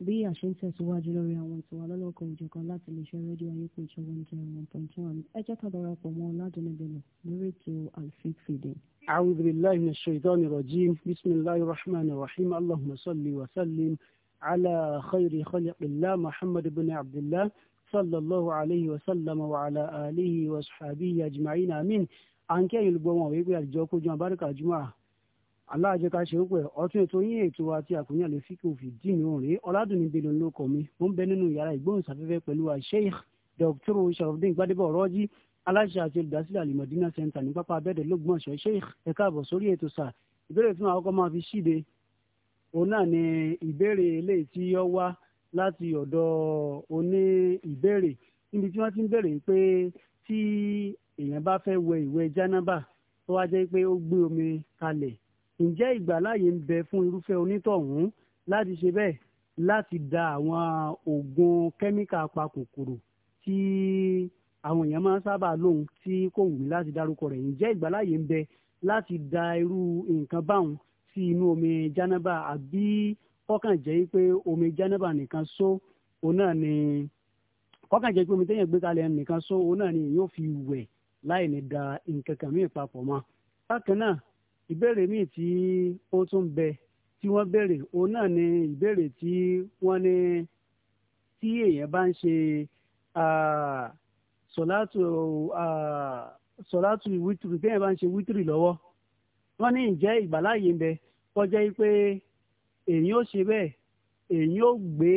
bí a ń tẹ̀síwájú lórí àwọn ìtura lọ́lọ́kan òjọ̀kan láti lè ṣe rédíò ayépo ìṣòro ní jẹun one point one ẹ jẹ́ ká mọ́ ọ̀làdúnni lórí ètò alfik fìdí. أعوذ بالله من الشيطان الرجيم بسم الله الرحمن الرحيم اللهم صل وسلم على خير خلق الله محمد بن عبد الله صلى الله عليه وسلم وعلى آله وصحبه أجمعين آمين àǹkẹ́ ìlú gbọ́mọ̀ wípé àjọ kójú abáríkà aláàjọ ká ṣe ń pẹ ọtún ètò yín ètò àti àkúnyà lè fi kí òfin dì mí òrè ọládùnní bèlò ló kọ mi mo ń bẹ nínú yàrá ìgbóhùnsáfẹ́fẹ́ pẹ̀lú Sheikh Dr. sharafdin gbadebo ọrọjì aláṣẹ àti olùdásílẹ̀ alimọdínà center ní pápá abẹdẹ lọgbọnsọ Sheikh ẹ káàbọ̀ sórí ètò sáà ìbéèrè tí màá kọ́ máa fi ṣíde òun náà ni ìbéèrè eléyìí tí ó wá láti ọ̀dọ̀ oní ìbéèrè níbi tí wọ́n ti ń béèrè pé tí èèyàn bá fẹ́ wẹ ìwẹ̀ jánábà tó wá jẹ́ pé ó gbé omi kalẹ̀ ǹjẹ́ ìgbàláyè ń bẹ fún irúfẹ́ onítọ̀hún láti ṣe bẹ́ẹ̀ láti da àwọn oògùn kẹ́míkà apakòkòrò tí àwọn èèyàn máa ń sábà lóhun tí kò wù mí láti dárúkọ rẹ̀ ǹjẹ́ ìgbàláyè ń bẹ láti da irú nǹkan báwọn sí inú omi jánábà àbí kọ́kàn pé omi jánábà nìkan só òun náà ni kọ́kàn jẹ́ pé omi téèyàn gbé kalẹ̀ nìkan só òun náà ni yóò fi wẹ̀ láì ní da nǹkan kan mí papọ̀ mọ́ bákan náà ìbéèrè míì tí ó tún bẹ tí wọ́n béèrè òun náà ni ìbéèrè tí wọ́n ní tí èèyàn bá ń ṣe sọ̀látù sọ̀látù wítìrì téèyàn bá ń ṣe wítìrì lọ́wọ́ wọ́n ní ǹjẹ́ ìgbàláyè ń bẹ kọjá pé èèyàn ó ṣe bẹ́ẹ̀ èèyàn ó gbé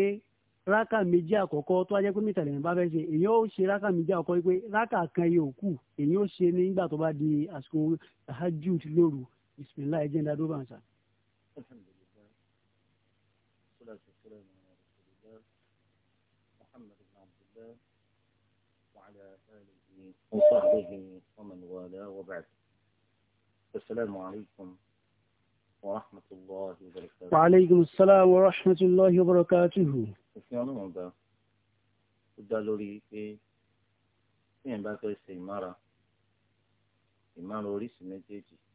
rákà méjì àkọ́kọ́ tó wájẹ́ pé mítàlẹ́ ní bá ṣe èèyàn ó ṣe rákà méjì àkọ́kọ́ pé rákà kan yòókù èèyàn ó ṣe nígbà tó bá di àsìkò tahajjud lóru bisimilayi jẹ́ ndadó bá ń sa. وعلى آله وصحبه ومن والاه وبعد السلام عليكم ورحمة الله وبركاته وعليكم السلام ورحمة الله وبركاته òfin ọlọ́run ga ó dá lórí pé téèyàn bá fẹ́ ṣe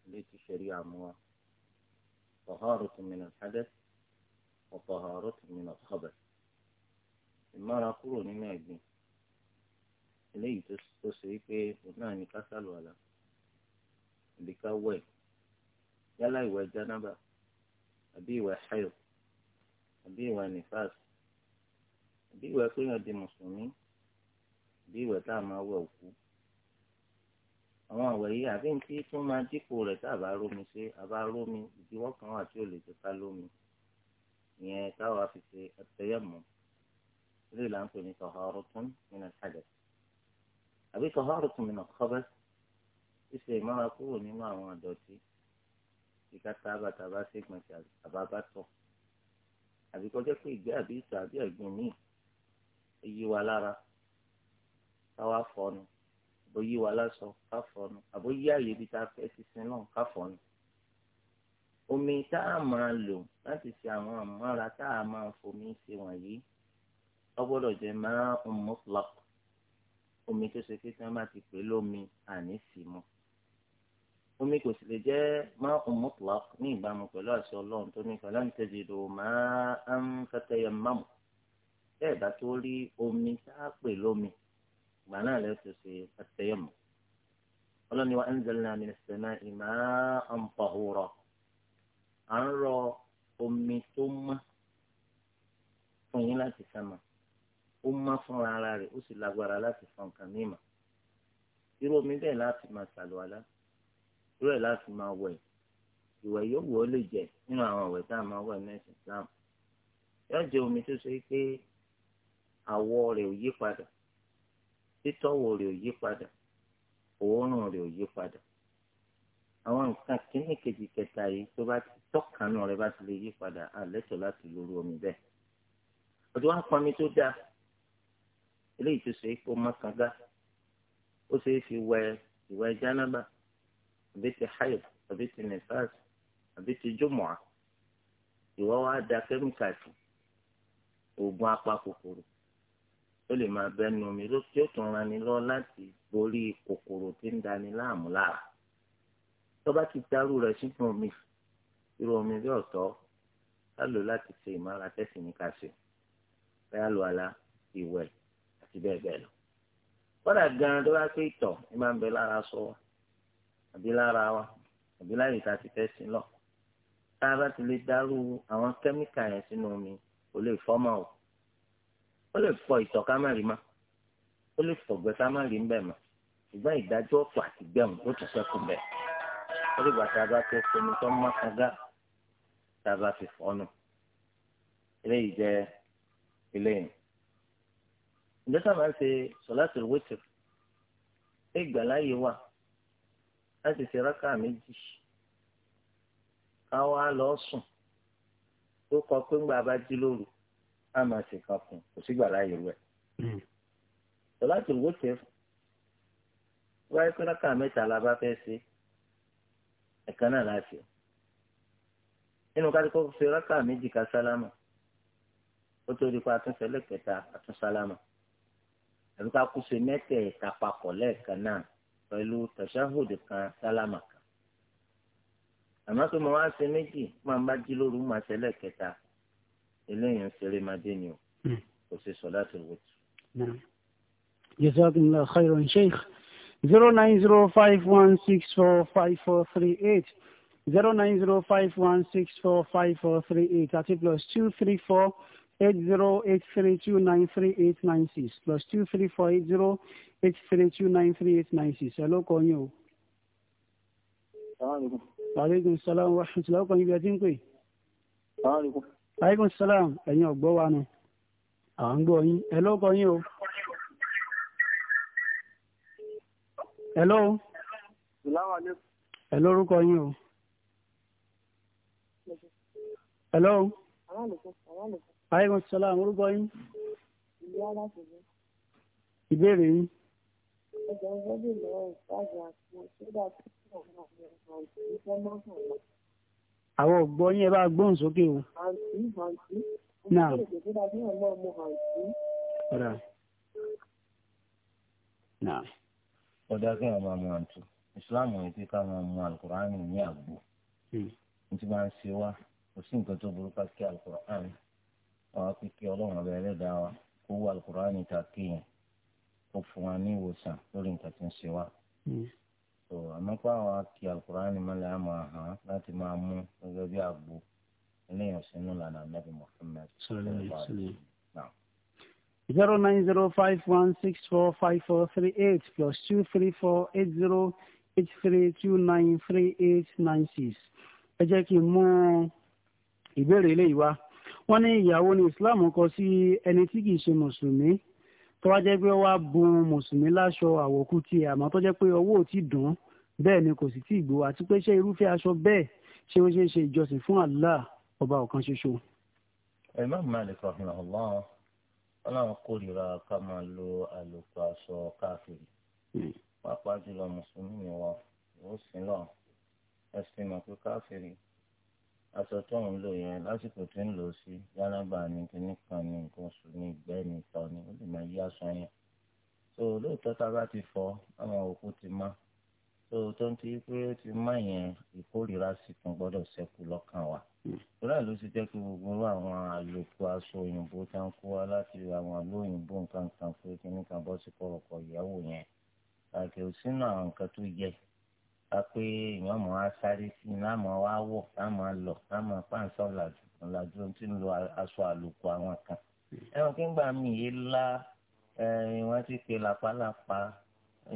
التي شريعة مواه طهارة من الحدث وطهارة من الخبث ìmọ́ra kúrò nínú ẹ̀gbìn eléyìí tó ṣe pé òun náà ní ká sàlùwàlà àbí ká wẹ̀ yálà ìwẹ̀ jánábà àbí ìwẹ̀ hayo àbí ìwẹ̀ nifas àbí ìwẹ̀ péyàn di mùsùlùmí àbí ìwẹ̀ tá a máa wẹ̀ òkú àwọn àwẹ̀ yìí àbí ní tí tó máa dípò rẹ̀ tá a bá rómi ṣe a bá rómi ìdíwọ́ kan wà tí ò lè jẹ́ ká lómi ìyẹn táwa fi ṣe ẹtẹyẹmọ ilé là ń pè ní tọhárùtún nínú ṣàjẹ àbí tọhárùtún nínú kọbẹ ṣíṣe ìmọ́ra kúrò nínú àwọn àdọ̀tí ìka tábà tábà ṣègbọ̀nsẹ̀ àbá bá tọ̀ àbí kọjá pé ìgbé àbí ìtọ̀ àbí ẹ̀gbìn míì bó yí wa lásán ká fọnu àbó yí àyè ibi tá a fẹ́ sísin náà ká fọnu. omi tá a máa lò láti ṣe àwọn àmọ́ra tá a máa fomi ṣe wọ̀nyí ó gbọ́dọ̀ jẹ́ máa ń mutlaq omi tó ṣe kékeré má ti pè lómi àní sí mu. omi kò sì lè jẹ́ máa ń mutlaq ní ìbámu pẹ̀lú àṣẹ ọlọ́run tó ní falan tajidu ma'an fatayammamu bẹ́ẹ̀ bá tó rí omi tá a pè lómi gbà náà lè ṣe ṣe àtẹyẹmọ ọlọ́ni wa anzalna min as-sama'i ma'an tahura à ń rọ omi tó mọ́ fún yín láti sánmà ó mọ́ fúnra ara rẹ̀ ó sì lágbára láti fọ nǹkan mímọ́ irú omi bẹ́ẹ̀ láti máa ṣàlùwàlá irú ẹ̀ láti máa wẹ̀ ìwẹ̀ yóò wò lè jẹ nínú àwọn ìwẹ̀ tá a máa wẹ̀ mẹ́sìn Islam yóò jẹ́ omi tó ṣe pé àwọ̀ rẹ̀ ò yí padà títọ́wò rẹ̀ ò yí padà òórùn rẹ̀ ò yí padà àwọn nǹkan kíní kejì kẹta yìí tó bá ti tọ́kànú rẹ̀ bá ti lè yí padà àlẹ́tọ̀ láti lóru omi bẹ́ẹ̀ ọdún wa ń pọnmi tó dáa eléyìí tó ṣe é kó ó ṣe é fi wẹ àbí ti hayo àbí ti àbí ti ó lè máa bẹnu omi ló tí ó tún rani lọ láti borí kòkòrò tí ń dani láàmú lára tó bá ti dàrú rẹ̀ sínú omi irú omi bí ọ̀tọ̀ á lò láti ṣe ìmọ̀ra tẹ̀sí ní ká ṣe bẹ́ẹ̀ lọ àlá ìwẹ̀ àti bẹ́ẹ̀ bẹ́ẹ̀ lọ. kódà gan-an tó bá pé ìtọ̀ ní máa ń bẹ lára sọ wa àbí lára wa àbí láyè tá ti fẹ́ lọ tá a bá ti lè dàrú àwọn kẹ́míkà yẹn sínú omi kò lè fọ́mọ̀ o. ó lè fọ ìtọ̀ ká má rí ma ó lè fọ̀gbẹ́ ká má rí mbẹ́ ma ṣùgbọ́n ìdájọ́ ọ̀pọ̀ àti gbẹ̀mù ó ti sẹ́kù ó lè gbà tá a bá tó tó má kan gá tá a bá fi fọ́ nù eléyìí jẹ́ eléyìí. ǹjẹ́ sábà ń ṣe wà láti rákà méjì kọ pé ńgbà bá á máa ṣe kan kùn kò sígbà láàyè rẹ̀. sọlá hmm. tó wó tẹ wáyé kọ́lákà mẹ́ta la bá fẹ́ ṣe ẹ̀ka náà la ṣe nínú kájọpọ̀ fi rákà méjì ká sálámà ó tó di pa àtúnṣe lẹ́kẹ̀ẹ́ta àtúnṣálámà àbí ká kú ṣe mẹ́tẹ̀ẹ̀ta papọ̀ lẹ́ẹ̀kan náà pẹ̀lú tàṣáhùdù kan sálámà kan àmọ́ tó mọ wá ṣe méjì máa ń bá jí lóru máa ṣe lẹ́ẹ̀kẹta eléyìí ń ṣeré madé ni o hmm. kò sí solatul witr. jazakumullahu khairan sheikh zero nine zero five one six four five four three eight zero nine zero five one six four five four three eight àti plus two three four eight zero eight three two nine three eight nine six plus two three four eight zero eight three two nine three eight nine six ẹ ló kọ yín o. salaamaleykum. waaleykum salaam wa rahmatulah ọkọ yín bí ẹ ti ń pè. salaamaleykum aleykum salaam ẹ̀yin ọ̀gbọ́ wa ni à ń gbọ́ yín ẹ lóko yín o. hello. ẹ lórúkọ yín o. hello. aleykum salaam orúkọ yín. ìbéèrè yín. ẹ̀jẹ̀ ń gbọ́dọ̀ lọ́wọ́ ìtajà àti ṣúgà tó ń bọ̀ náà ní ọ̀sán ìfẹ́ mọ́kànlá àwọn ọ̀gbọ́ yẹn bá gbóhùn sókè o. náà ọ̀dà náà. ọ̀dà kí islam ò ti ká máa mú alukur'ani ní àgbo hmm. ní ti máa ń ṣe wá kò sí nǹkan tó burú ká kí alukur'ani àwọn akéèké ọlọ́run ọ̀bẹ ẹlẹ́dàá wa kó wá alukur'ani ta kéèyàn kó fún wa ní ìwòsàn lórí nǹkan tó ń ṣe wá. Hmm so àmọ́ pé àwọn akí alukur'ani mọ́lẹ̀ á máa hàn láti máa mú gẹ́gẹ́ bí àgbo eléyàn sínú lànà nàbì Muhammad zero nine zero five one six four five four three eight plus two three four eight zero eight three two nine three eight nine six ẹ jẹ́ kí n mú ìbéèrè eléyìí wá wọ́n ní ìyàwó ní Islam kọ sí ẹni tí kì í ṣe mùsùlùmí tó wá jẹ́ pé ó wá bun mùsùlùmí láṣọ àwọ̀kú tiẹ̀ àmọ́ tó jẹ́ pé ọwọ́ ò tí dùn ún bẹ́ẹ̀ ni kò sì tí ì gbó àti pé ṣé irúfẹ́ aṣọ bẹ́ẹ̀ ṣé ó ṣeé ṣe ìjọsìn fún Allah ọba ọ̀kan ṣoṣo. Imam Malik rahimahullah ọlọ́run kórìíra ká máa lo àlòkù aṣọ káàkiri hmm. pàápàá jùlọ mùsùlùmí wọn ò sí lọ ẹ̀sìn mọ̀ pé káàkiri aṣọ tó ń lò yẹn lásìkò tí ń lò sí yálàbà ní kíní kan ní nǹkan oṣù ní ìgbẹ́ ní ìtọ̀ ní ó lè máa yí aṣọ yẹn so lóòótọ́ tá a bá ti fọ àwọn òkú ti má so tó ń ti pé ó ti má yẹn ìkórìíra sì tún gbọ́dọ̀ ṣẹ́kù lọ́kàn wa ìrọ̀lẹ́ hmm. ló ti jẹ́ kí gbogbo àwọn àlòkù aṣọ òyìnbó tá ń kó wa láti àwọn àlọ́ òyìnbó nǹkan kan pé kíní kan bọ́ sí kọ̀rọ̀kọ̀ ìyàwó yẹn àti òsínà nǹkan tó yẹ pé èèyàn mọ̀ á sáré sí i láàmú wa wọ̀ láàmú lọ láàmú pàǹsá ọ̀làjú ọ̀làjú tí ń lo aṣọ àlòkù àwọn kan. ẹ̀wọ̀n kí n gbà mí yé la wọ́n ti pè làpálàpá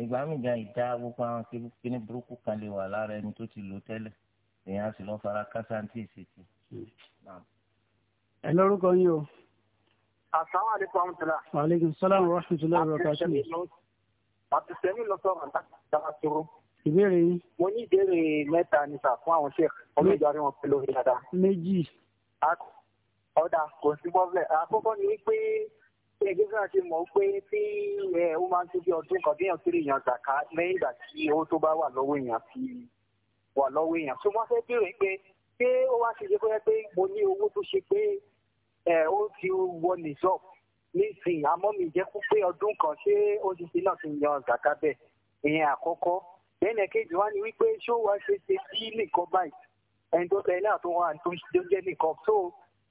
ìgbà mí gan ìdá gbogbo àwọn kíní burúkú kan lè wà lára ẹni tó ti lò tẹ́lẹ̀ èèyàn á sì lọ fara kásá tí èsì ẹ lórúkọ yín o. asalaamualeykum amutala. waaleykum wa rahmatulahi wa barakatuh. àti sẹ́mi lọ sọ̀rọ̀ láti dára tóró ìbéèrè yín. mo ní ìbéèrè mẹ́ta níta fún àwọn sheik ọmọ ìjọ àríwọ̀n pẹ̀lú orí dáadáa. méjì. ọ̀dà kò sí bọ́ọ̀lẹ̀ àkọ́kọ́ ni pé ẹgbẹ́ náà ti mọ̀ pé tí ó máa ń tó bí ọdún kan déèyàn sí èèyàn zàká lẹ́yìn ìgbà tí owó tó bá wà lọ́wọ́ èèyàn fi wà lọ́wọ́ èèyàn. tó wọ́n fẹ́ béèrè pé pé ó wá ṣe ṣe pé mo ní owó tó ṣe pé ó ti wọ nìṣọ́ọ̀bù nísìnyí àmọ́ mi jẹ́ pé ọdún kan ṣé ó ti ṣe náà ti yan zàká bẹ́ẹ̀ ìyẹn àkọ́kọ́ lẹ́nu kejì wá ni wípé ṣó wá ṣe ṣe sí nìkan báyìí ẹni tó tẹ̀lé náà tó wà tó jẹ́ nìkan tó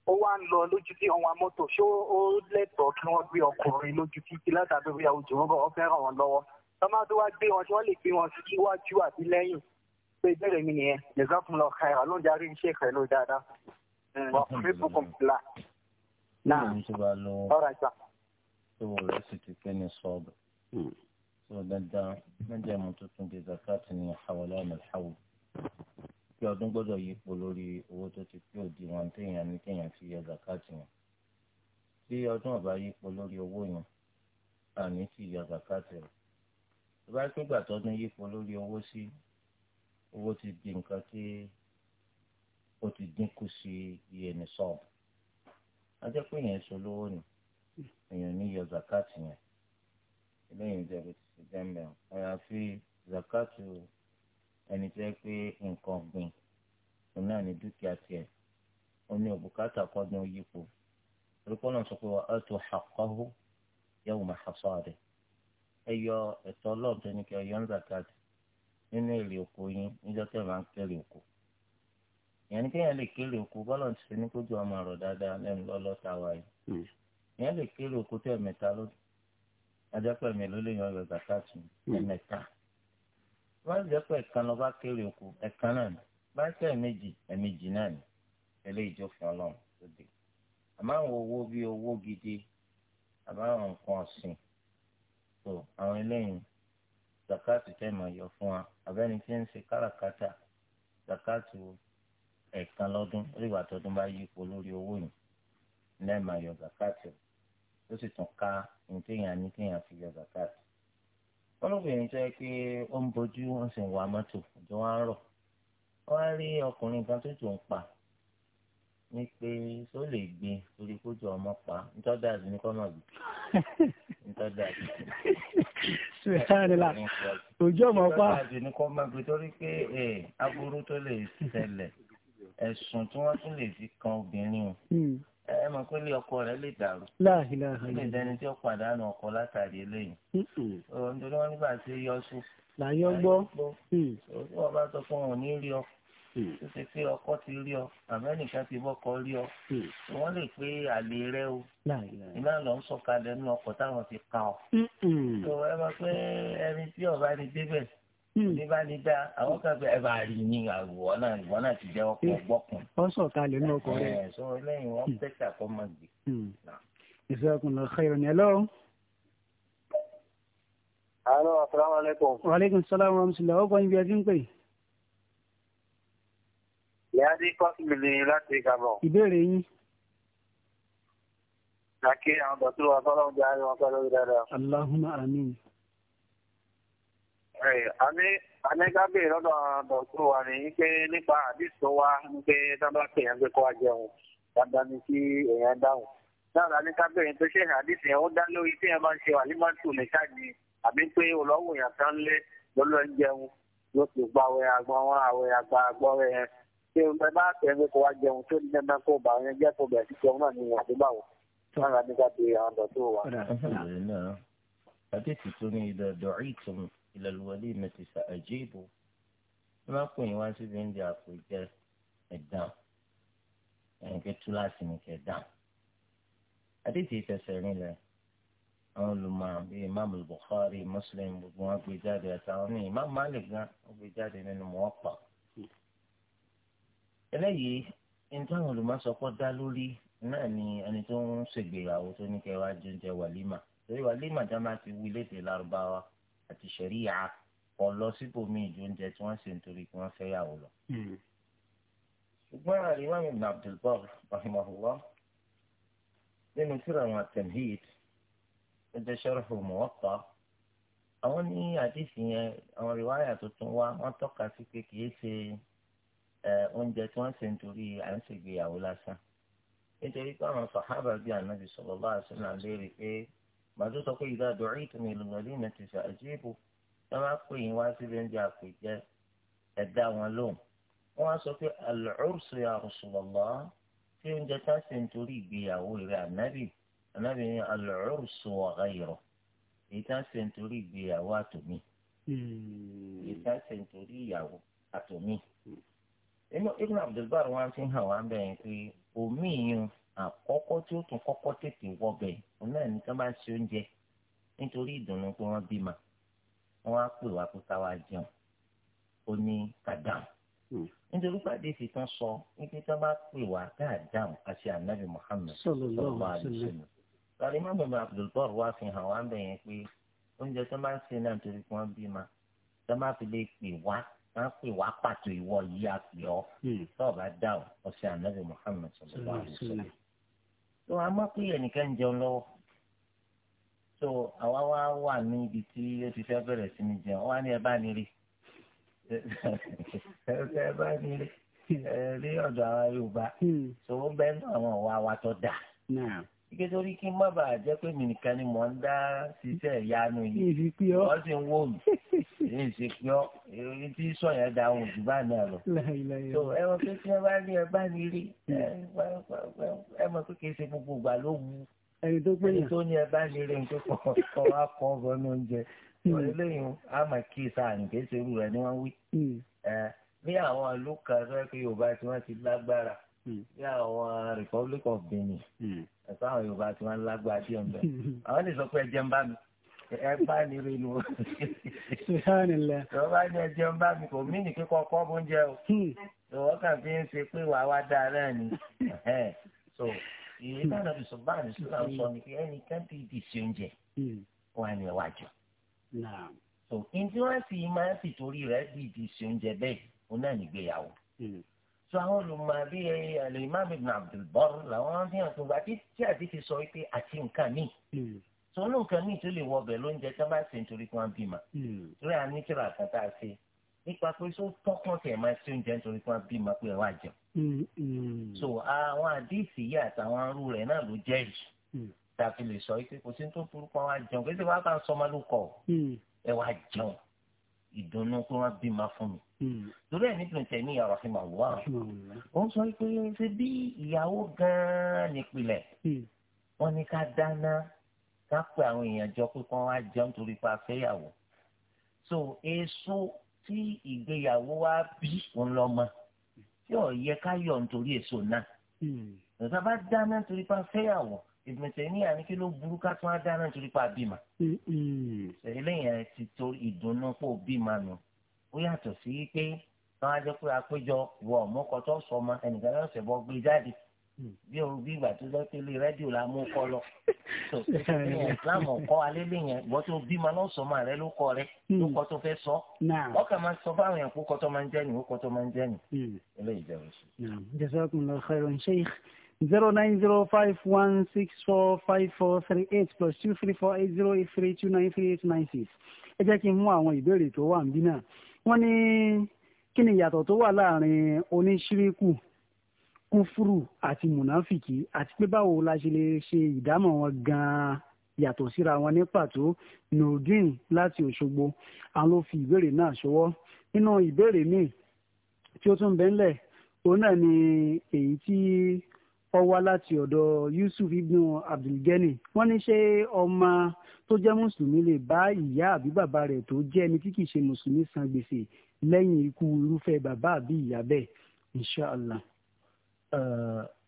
ó wá ń lọ lójú tí àwọn mọ́tò ṣó ó lẹ́tọ̀ọ́ kí wọ́n gbé ọkùnrin lójú títí látàbí bóyá ojú wọn kọ́ fẹ́ràn wọn lọ́wọ́ tọ́mọ́ tó wá gbé wọn tí wọ́n lè gbé wọn sí iwájú àti lẹ́yìn pé ìbéèrè mi nìyẹn nìkan lọ ka ẹ̀rọ ló ń darí iṣẹ́ pẹ̀lú dáadáa wọ́n fi bùkún fìlà náà ọ̀rọ̀ ìgbà sọ dandan mẹjẹmú tuntun di zakat ní àwọlẹ́ ọ̀nà ìhàwọ̀ kí ọdún gbọ́dọ̀ yípo lórí owó tó ti pé òdiwọ̀n téèyàn ní téèyàn fi yẹ zakat yẹn tí ọdún ọ̀bá yípo lórí owó yẹn àní ti yọ zakat rẹ̀ tó bá pé gbà tọdún yípo lórí owó sí owó ti di nǹkan tí ó ti dínkù sí iye ní sọ́ọ̀bù ajẹ́ yẹn sọ lówó ni èèyàn ní yọ zakat yẹn eléyìí jẹ́ bí ti ìjẹ́mbẹ̀ àyàfi zakatu ẹni tẹ́ pé nǹkan ọ̀gbìn òun náà ní dúkìá tiẹ̀ ó ní òbúkátà kọ́dún yípo orúkọ náà sọ pé wà á tó haqqahu yawma hasadi ẹ yọ ẹ̀tọ́ ọlọ́ọ̀dọ́ ní kí ẹ yọ ń zakatu nínú èrè oko yín níjọ́ tẹ̀ máa ń kéré oko ìyẹn ní kéèyàn lè kéré oko bọ́lọ̀ ti ṣe ní kójú ọmọ rọ̀ dáadáa lẹ́nu lọ́lọ́ wáyé hmm. ìyẹn lè kéré oko tẹ̀ mẹ́ta lódì ajẹ́pẹ̀ mi ló lè yan ọyọ zakatu hmm. ẹ̀mẹ́ta wọ́n jẹ́pẹ̀ ẹ̀kan lọ bá kéré oko ẹ̀kan náà ni bá ń tẹ̀ méjì ẹ̀méjì náà ni eléyìí tó fi tó dé àmọ́ àwọn owó bíi owó gidi àbáwọn nǹkan ọ̀sìn tó àwọn eléyìí zakatu tẹ̀ mọ̀ yọ fún wa abẹ́ni tí ń ṣe káràkátà zakatu ẹ̀kan lọ́dún orí ìwà tọdún bá yípo lórí owó yìí lẹ́ẹ̀ máa yọ zakatu ó sì tún ká ní téèyàn ní téèyàn fi yọ zakat wọn lóbìnrin tó yẹ pé ó ń bójú wọn sì ń wa mọ́tò ìjọ wa ń rọ̀ wọn á rí ọkùnrin kan tó jò pa ní pé tó lè gbé torí kójú ọmọ pa nítorí àti ní kọ́mọ̀ gbé nítorí àti sùhánilá ojú ọmọ pa nítorí àti ní kọ́mọ̀ gbé torí pé aburú tó lè ṣẹlẹ̀ ẹ̀sùn tí wọ́n tún lè fi kan obìnrin o. Hmm ẹ mọ̀ pé ilé ọkọ rẹ̀ lè dàrú. ilé ìdẹni tí ó pàdánù ọkọ látàrí eléyìí. nítorí wọn nígbà tí yọ sùn. láyọ gbọ́. òṣù ọba sọ fún òun ní rí ọ. tó mm. ṣe pé ọkọ ti rí ọ àmẹ́nìkan ti bọ́kọ rí ọ. Mm. wọ́n lè pé àlè rẹ o. iná lọ ń sọ̀kalẹ̀ nínú ọkọ̀ táwọn ti ka ọ. ẹ mọ̀ pé ẹni tí ọba ni débẹ̀ ní hmm. bá ní dá àwọn kan fẹ́ ẹ bá rí ní àwọ̀ náà ìwọ náà ti jẹ́ ọkọ̀ hmm. ọgbọ́kùn. wọ́n sọ̀ ká lè ní ọkọ̀ rẹ̀. ẹ eh, sọ lẹ́yìn wọn pẹ́sà hmm. kọ́ máa gbé. ìṣègùn lọ ṣe ìrìn ẹ̀lọ́. alo asalaamualeykum. waaleykum salaam wa rahmatulah ọkọ ibi ẹtí ń pè. ìyá dé kọ́sìmì ni láti Gabon. ìbéèrè yín àkè àwọn dọ̀tí wa fọlọ́run jẹ́ àyè wọn fẹ́ lórí dáadáa. Allahumma amin anẹ́gábè lọ́dọ̀ dọ̀tún wa ní pé nípa àdìsọ wa ní pé dábàá pé gbé kó wa jẹun dandan ni kí èèyàn dáhùn náà anẹ́gábè yẹn tó ṣe àdìsọ yẹn ó dá lórí tí èèyàn bá ń ṣe wà nígbà tó lè ṣáàjì àbí pé olówó èèyàn kan lé lọ́lọ́ ń jẹun ló sì gba àwẹ̀ àgbọn wọn àwẹ̀ àgbà àgbọ̀ rẹ̀ yẹn ṣé o bẹ bá pè é gbé kó wa jẹun tó ní dandan kó bà yẹn jẹ́ kó bẹ̀ sí jẹun náà ní àdúgbàwọ̀ إلى الوليمة فأجيبوا ما كوني وانسي بندي أقول كيف الدم يعني كتلاسي من كدم حديثي تسألين له àwọn olùmọ̀ bíi imam bukhari muslim gbogbo wọn gbé jáde àtàwọn míì imam malik gan ó gbé jáde nínú muwapa. eléyìí ní táwọn olùmọ̀ sọ pé dá lórí náà ni ẹni tó ń ṣègbéyàwó tó ní kẹwàá jẹjẹ wàlímà torí wàlímà já máa ti wí léde lárúbáwá àti ṣẹ̀ríà kọ lọ síbòmíì ju oúnjẹ tí wọ́n ṣe nítorí kí wọ́n fẹ́ yàwó lọ. Hmm. ṣùgbọ́n àríwá mi nà abdulbar rahimahullah nínú síra àwọn àtẹ̀míyìd ẹgbẹ́ sharh Muwatta àwọn ní àdìsí yẹn àwọn rìwáyà tuntun wa wọ́n tọ́ka sí pé kì í ṣe oúnjẹ tí wọ́n ṣe nítorí à ń ṣègbéyàwó lásán nítorí pé àwọn sàhábà bíi ànábì sallallahu alaihi wasallam léèrè pé gbàdúrà sọ pé ìdádọ̀ ìtumọ̀ ìlúwẹ̀lì náà ti sọ àjíìbù ẹ máa pè yín wá síbi ẹni àpèjẹ ẹ̀dá wọn lóhùn wọn á sọ pé al-ursu ya Rasulullah tí oúnjẹ tá a ṣe ń torí ìgbéyàwó rẹ̀ ànábì ànábì ní al-ursu wa ghayruhu èyí tá a ṣe ń torí ìgbéyàwó àtòmí hmm. èyí tá a ṣe ń torí ìyàwó àtòmí. Ibn Abdul wọn fi hàn wá bẹ́ẹ̀ pé omi yìí àkọ́kọ́ tí ó tún kọ́kọ́ tètè wọ́ bẹ́ẹ̀ òun náà ní sábà ṣe oúnjẹ nítorí ìdùnnú pé wọ́n bímọ wọ́n á pè wá pé ká wá jẹun ó ní ká dáhùn hmm. nítorí pàdé fi tán sọ wípé tá bá pè wá ká dáhùn àti ànábì Muhammad sallallahu alaihi wasallam sọlá má Abdul Bar wá fi hàn wá bẹ̀ yẹn pé oúnjẹ tó máa ń ṣe náà nítorí pé wọ́n bímọ tó máa fi lè pè wá máa pè wá pàtó ìwọ yìí àpè ọ tó bá dáhùn ọ̀sẹ̀ ànábì Muhammad sallallahu alaihi wasallam so a má pé ẹnìkan jẹun lọ́wọ́ so àwa wá wà ní ibi tí ó ti fẹ́ bẹ̀rẹ̀ sí ní jẹun wá ní ẹ ni ní rí ẹ bá rí ẹ rí ọ̀dọ̀ àwa Yorùbá hmm. so ó bẹ́ẹ̀ náà àwọn ọ̀wá wa tó dáa ike torí kí n má bàa jẹ́ pé mi nìkan ni mò ń dá ṣiṣẹ́ ìyanu yìí wọ́n sì ń wò mí èyí ṣe pé ọ́ èyí tí sọ̀yàn da ohun jù bá náà lọ. tó ẹ mọ̀ pé tí ẹ bá rí ẹ bá ní rí ẹ mọ̀ pé kì í ṣe gbogbo ìgbà ló wù ẹni tó pé yẹn tó ní ẹ bá ní rí nǹkan kọ̀ ọ́ wá kọ́ ọ̀gọ́ hmm. ní oúnjẹ lẹ́yìn àmọ́ kí sáàrùn kì í ṣe irú rẹ̀ ni wọ́n wí. Hmm. ní àwọn ìlú kan sọ́yẹ́ pé Yorùbá tí wọ́n ti lágbára hmm. ní àwọn Republic of Benin ẹ̀fọ́ àwọn yorùbá tí wọ́n ń lágbára sí ọ̀nbẹ àwọn lè sọ pé ẹ̀jẹ̀ ń bá mi ẹ bá ní rí nu. ìjọba ní ẹ̀jẹ̀ ń bá mi kò mí nìkí kọ́kọ́ bó ń jẹ o ìwọ hmm. kàn fi ń ṣe pé wàá wá dáa náà ni so ìyẹn náà lọ sọ bá àmì sọ́lá sọ ni pé ẹnì kan ti di ṣe oúnjẹ hmm. wọn ni ẹwà jọ. so ìdí wọn sì máa ń fìtorí rẹ di ìdí ṣe oúnjẹ bẹ́ẹ̀ sọ àwọn olùmọ̀ bí eh, alimami ibn abdulbar làwọn rántí hàn fún wa tí àdìsí sọ pé àti nǹkan míì hmm. sọ ní nǹkan míì tó lè wọ ọbẹ̀ lóúnjẹ tí wọ́n bá ṣe nítorí pé wọ́n bímọ lórí àníkìrà àkàtà ṣe nípa pé sọ tọkàn tẹ̀ máa ṣe oúnjẹ nítorí pé wọ́n bímọ pé ẹ jẹun. Hmm, hmm. so àwọn àdìsí yìí àtàwọn arú rẹ̀ náà ló jẹ́rìí tàbí lè sọ pé kò sí ní tó burúkú àwọn àjẹun kò sí wàá bá ń ẹ wá jẹun ìdùnnú pé wọ́n bímọ fún mi. Hmm. torí ẹ̀ nítorí tẹ̀ ní ìyàrá fi máa wá. ó ń sọ pé ṣe bí ìyàwó gan-an nípìnlẹ̀ hmm. wọ́n ní ká dáná ká pe àwọn èèyàn jọ pé kán wá jẹun torí pa fẹ́yàwó. so èso tí ìgbéyàwó wa bí òun lọ́mọ yóò yẹ ká yọ̀ nítorí èso náà. Hmm. tàbá dáná torí pa fẹ́yàwó ìgbìmọ̀tẹ̀ ní àní kí ló burú ká tún á dáná torí pa bímọ. eléyìí ẹ ti tó ìdùnnú pò bímọ nù ó yàtọ̀ sí pé wọn á jẹ́ pé àpéjọ ìwọ ọ̀mọ́kọ tó ẹnìkan lọ́wọ́ ṣẹ̀bọ gbé e jáde mm. bí o bí ìgbà tó lọ tẹ́lẹ̀ rẹ́díò la mú kọ́ lọ. islam ọkọ alẹ́ lèyẹn ìwọ tó bímọ náà sọ ọmọ rẹ ló kọ rẹ ló mm. kọ tó fẹ́ sọ. ọkà máa sọ fáwọn yẹn kó kọ́ tó máa ń jẹ́ nì kó kọ́ tó máa ń jẹ́ nì. Mm. eléyìí jẹ́ oṣù. jazakumullahu khairan sheikh zero nine zero five one six four five four three eight plus two three four eight zero eight three two nine three eight nine six ẹ jẹ́ kí n mú àwọn ìbéèrè tó wà níbí náà wọ́n ní kí ni ìyàtọ̀ tó wà láàrin oníṣíríkù kúfúrù àti mùnáfìkì àti pé báwo la ṣe lè ṣe ìdámọ̀ wọn gan-an yàtọ̀ síra wọn ní pàtó nordin láti Òṣogbo àwọn ló fi ìbéèrè náà ṣọwọ́ nínú ìbéèrè míì tí ó tún bẹ́ńlẹ̀ òun náà ni èyí tí ó wá láti ọ̀dọ̀ Yusuf ibn Abdulgani wọ́n ní ṣé ọmọ tó jẹ́ mùsùlùmí lè bá ìyá àbí bàbá rẹ̀ tó jẹ́ ẹni tí kì í ṣe mùsùlùmí san gbèsè lẹ́yìn ikú irúfẹ́ bàbá àbí ìyá bẹ́ẹ̀ inshallah.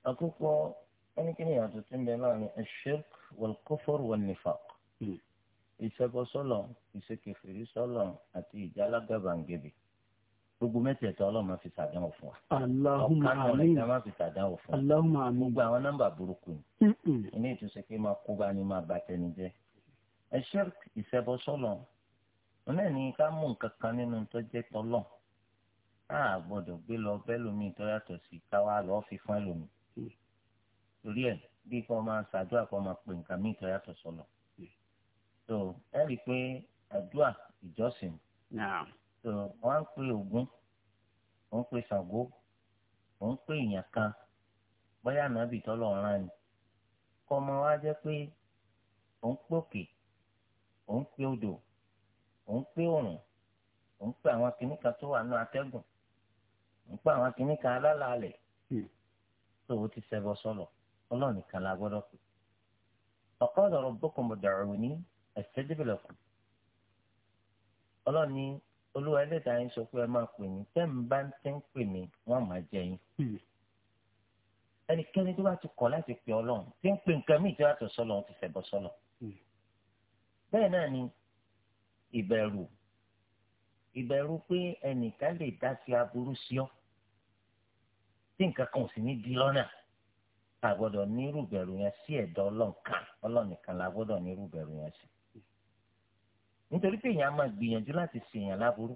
àkókò ẹnikẹ́ni yàtọ̀ tí ń bẹ láàrin ashirk wal-kufr wal-nifaq hmm. ìṣẹ́gbọ́sọ́lọ̀ ìṣèkèfèrè sọ́lọ̀ àti ìjálágàbàǹgẹ̀bẹ̀ gbogbo mẹ́tẹ̀ẹ̀ta ọlọ́run máa fi ṣàdánwò fún wa. Allahumma amin ọ̀kan náà máa fi ṣàdánwò fún wa. Allahumma amin gbogbo àwọn nọ́mbà burúkú ni. ilé ìtúnṣe pé máa kó bá ní máa bá tẹni jẹ́. ẹ ṣe ìṣẹ́bọ sọ́lọ̀ wọn náà ní ká mú nǹkan kan nínú tó jẹ́ tọ́lọ̀ á gbọ́dọ̀ gbé lọ bẹ́lòmíì tó yàtọ̀ sí káwá lọ́ọ́ fi fún ẹlòmíì. torí ẹ bí kò máa ṣàdúrà kò máa pè nǹkan míì tó yàtọ̀ sọ́lọ̀. Mm. so ẹ rí i pé àdúrà ìjọsìn. tó wọ́n á ogun Ògún wọ́n pe Ṣàngó wọ́n pe èèyàn kan bóyá nàbì tọ́lọ̀ ọ̀ràn ni kọ́ ọmọ wa jẹ́ pé òun òun pe odò òun pe òrùn òun pe àwọn kìnnìkan tó wà ní atẹ́gùn òun pe àwọn kìnnìkan alálàálẹ̀ tó hmm. o ti ṣẹbọ sọ̀rọ̀ ọlọ́run nìkan la gbọ́dọ̀ pè. ọ̀kọ́ ọ̀dọ̀rọ̀ ní ẹ̀sẹ̀ olúwa ẹlẹ́dàá yín sọ pé ẹ máa pè mí tẹ́ ń bá ń tẹ́ ń pè mí wọ́n máa jẹ yín. Hmm. ẹnikẹ́ni tó bá ti kọ̀ láti pè ọlọ́run tí ń pè nǹkan míì tó yàtọ̀ sọ́lọ̀ ti fẹ̀bọ̀ sọ́lọ̀. Hmm. bẹ́ẹ̀ náà ni ìbẹ̀rù ìbẹ̀rù pé ẹnìkan lè dá sí aburú sí ọ tí nǹkan kan ò sì ní di lọ́nà àgbọ̀dọ̀ nírú ìbẹ̀rù yẹn sí ẹ̀dọ̀ ọlọ́run kan ọlọ́run nírú ìbẹ̀rù yẹn sí nítorí pé èèyàn máa gbìyànjú láti ṣèyàn láburú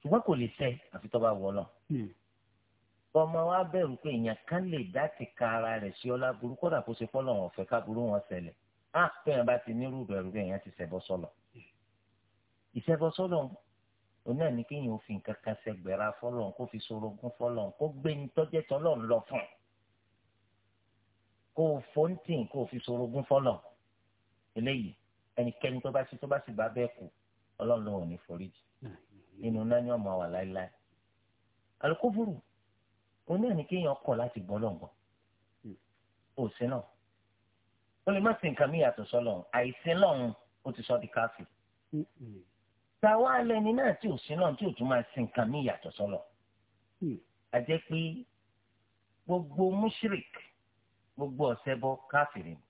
ṣùgbọ́n kò lè ṣe àfi tó bá wọ lọ. Hmm. ọmọ wa bẹ̀rù pé èèyàn kan lè dá ti ka ara rẹ̀ sí ọ láburú kódà kó ṣe fọ́lọ́ wọn fẹ́ káburú wọn ṣẹlẹ̀ á bẹ́ẹ̀ bá ti nírú bẹ̀rù bẹ́ẹ̀ yẹn ti ṣẹbọ sọlọ. ìṣẹbọ sọlọ òun náà ní kéèyàn ò fi nǹkan kan ṣẹgbẹ̀ra fọ́lọ́run kó fi sorogún fọ́lọ́run kó gbé ní tọ́jẹ́ tọ́lọ́run ẹnikẹ́ni tó bá ṣe tó bá sì bá bẹ́ẹ̀ kú ọlọ́run ò ní foríjì nínú náà ni ọmọ wà láéláé alukófòrò oní ẹni kéèyàn kọ̀ láti gbọ́ lọ́ngbọ́n òsín náà ó lè má sí nǹkan mí yàtọ̀ sọ́lọ́run àìsín lọ́run ó ti sọ di káfí tàwa alẹ́ni náà tí òsín náà tí ò tún máa sí nǹkan mí yàtọ̀ sọ́lọ́ àjẹ́ pé gbogbo mushrik gbogbo ọ̀sẹ̀ bọ́ káfírin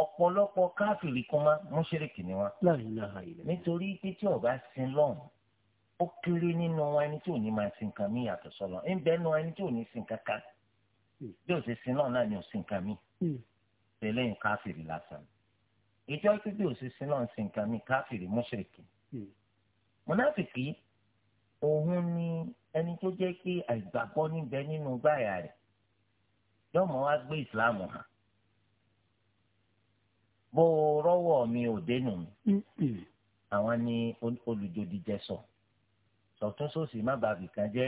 ọ̀pọ̀lọpọ̀ káfìrí kan má mọ́ṣẹ́rẹ́kì ni wọn. nítorí pé tí ó bá sin lọ́hùn ó kéré nínú ẹni tí ò ní máa sin nǹkan míì yàtọ̀ sọ́lọ́ ń bẹ́ẹ̀ nu ẹni tí ò ní sin kankan hmm. bí ó ṣe sin lọ́hùn náà ni ò sin nǹkan míì hmm. tẹ̀lé ń káfìrí lásán ìjọ pé bí ó ṣe sin lọ́hùn sin nǹkan míì káfìrí mọ́ṣẹ́rẹ́kì. mọ́nàfìkì hmm. òun ni ẹni tó jẹ́ pé àìgbàgbọ́ níbẹ̀ nínú gbáyà rẹ̀ yọ́mọ bó rọ́wọ́ mi ò dénú mi àwọn ni olùjòdìjẹ sọ sọtún sósì má bàa bìkan jẹ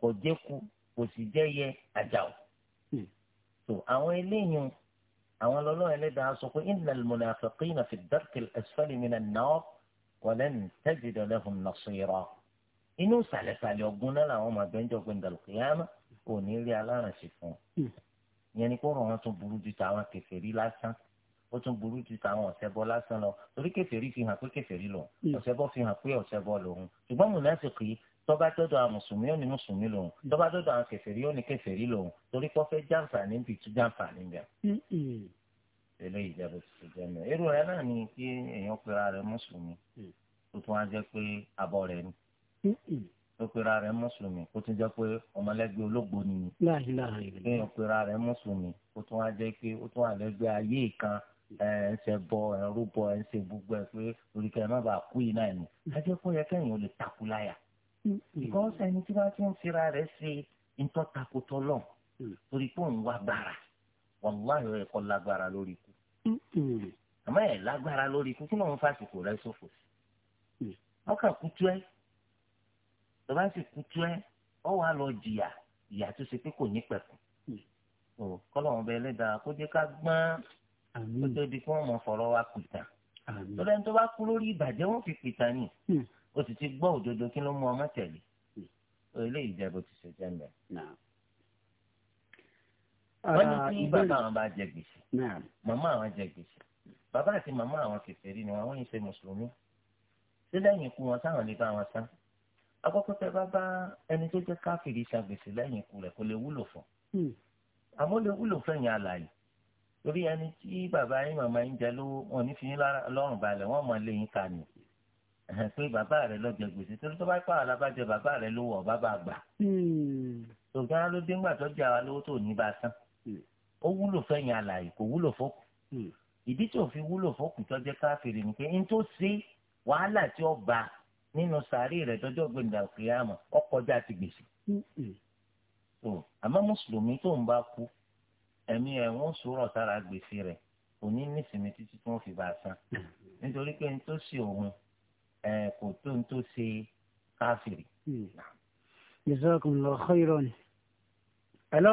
kò jẹku kò sì jẹyẹ àjàù mm. so àwọn eléyìí àwọn lọ́lọ́run ẹlẹ́dàá sọ pé innal munafiqina fi darkil asfali minan nar walan tajida lahum nasira inú sàlẹ̀sàlẹ̀ ọ̀gbun náà làwọn ọmọ abẹ́ńjọ́ gbẹ̀ndàlùkìyàmá òní rí alárànṣe fún un. Mm ìyẹn ni kó ràn wọn tún burú ju tàwọn kèfèrí lásán ó tún burú ju tàwọn ọ̀sẹ̀bọ lásán lọ torí kèfèrí fi hàn pé kèfèrí lòun hmm. ọ̀sẹ̀bọ fi hàn pé ọ̀sẹ̀bọ lòun ṣùgbọ́n mùnáfíkì tọ́ba dọ́dọ̀ àwọn mùsùlùmí ó ní mùsùlùmí lòun hmm. tọ́ba dọ́dọ̀ àwọn kèfèrí ó ní kèfèrí lòun torí pé ó fẹ́ jàǹfààní bíi tún jàǹfààní bẹ́ẹ̀. Hmm, eléyìí jẹ́ bó ti ṣe jẹ́ mẹ́rin èrò rẹ̀ náà ni kí èèyàn pera rẹ̀ mùsùlùmí tuntun á jẹ́ pé abọ́ rẹ̀ ni tó pera rẹ̀ mùsùlùmí kó tún jẹ́ pé ọmọlẹ́gbẹ́ olóògbò ni ni kéèyàn pera rẹ̀ mùsùlùmí kó tún wá jẹ́ pé ó tún wà lẹ́gbẹ́ ayé kan ẹ̀ ń ṣe bọ ẹ̀ ń rúbọ ẹ̀ ń ṣe gbogbo ẹ̀ pé oríkẹ́ ẹ̀ má bàa kú yìí náà ni ajẹ́ kó yẹ kẹ́yìn ò lè takú láyà ìkọ́sẹ́ mm-hmm. ẹni tí wọ́n ti ń fira rẹ̀ ṣe ntọ́ takotọ́ lọ mm-hmm. torí pé òun wá gbára wàláhì ẹ̀kọ́ lágbára lórí ikú mm-hmm. àmọ́ ẹ̀ lágbára lórí ikú kí lóun fásitì rẹ̀ ṣòfò sí ọkà kútu ẹ̀ tó bá sì kú tó ẹ ọ wà lọ jìyà ìyà tó ṣe pé kò ní pẹ̀kun hmm. kọ́lọ̀ wọn bẹ lẹ́dàá kó jẹ́ ká gbọ́n kó tó di kí wọ́n fọ̀rọ̀ wa pìtàn tó lẹ́nu tó bá kú lórí ìbàjẹ́ wọn fi pìtàn ni hmm. o sì ti gbọ́ òdodo kí ló mú ọmọ tẹ̀lé hmm. eléyìí jẹ́ bó ti ṣe jẹ́ mẹ́. wọ́n ní ah, kí bàbá àwọn bá jẹ gbèsè màmá àwọn jẹ gbèsè bàbá àti màmá àwọn kèfèrí ni wọ́n ń ṣe mùsùlùmí sílẹ̀ yìí kú wọn sáwọn lè wọn sán àkọ́kọ́ tẹ bá bá ẹni tó jẹ́ káfíìrì ṣàgbèsè lẹ́yìn ikú rẹ̀ kò lè wúlò fún hmm. àmọ́ lè wúlò fẹ̀yìn alàyè torí ẹni tí bàbá yín màmá yín jẹ lówó wọn ní fi yín lọ́rùn balẹ̀ wọ́n mọ̀ lẹ́yìn ká ni pé bàbá rẹ̀ lọ jẹ gbèsè torí tó bá pa alábàjẹ bàbá rẹ̀ lówó ọba bá gbà tòkè hmm. á ló dé ńgbà tó jẹ àwa lówó tó ní bá san hmm. ó wúlò fẹ̀yìn alàyè kò wúlò fókù ìdí tí òfin wúlò fókù tó jẹ́ káfíìrì ni pé ní tó ṣe wàhálà tí ó bá a nínú sàárì rẹ̀ tọ́jọ́ gbẹ̀ndà kìyàmà ọkọjá ti gbèsè. Mm-hmm. àmọ́ mùsùlùmí tó ń bá kú ẹ̀mí ẹ̀ wọ́n sọ̀rọ̀ sára gbèsè rẹ̀ òní nísìmí títí tí wọ́n fi bá a san mm-hmm. nítorí pé n tó òun kò tó n tó ṣe káfìrì. Mm-hmm. jazakumullahu khairan. hello.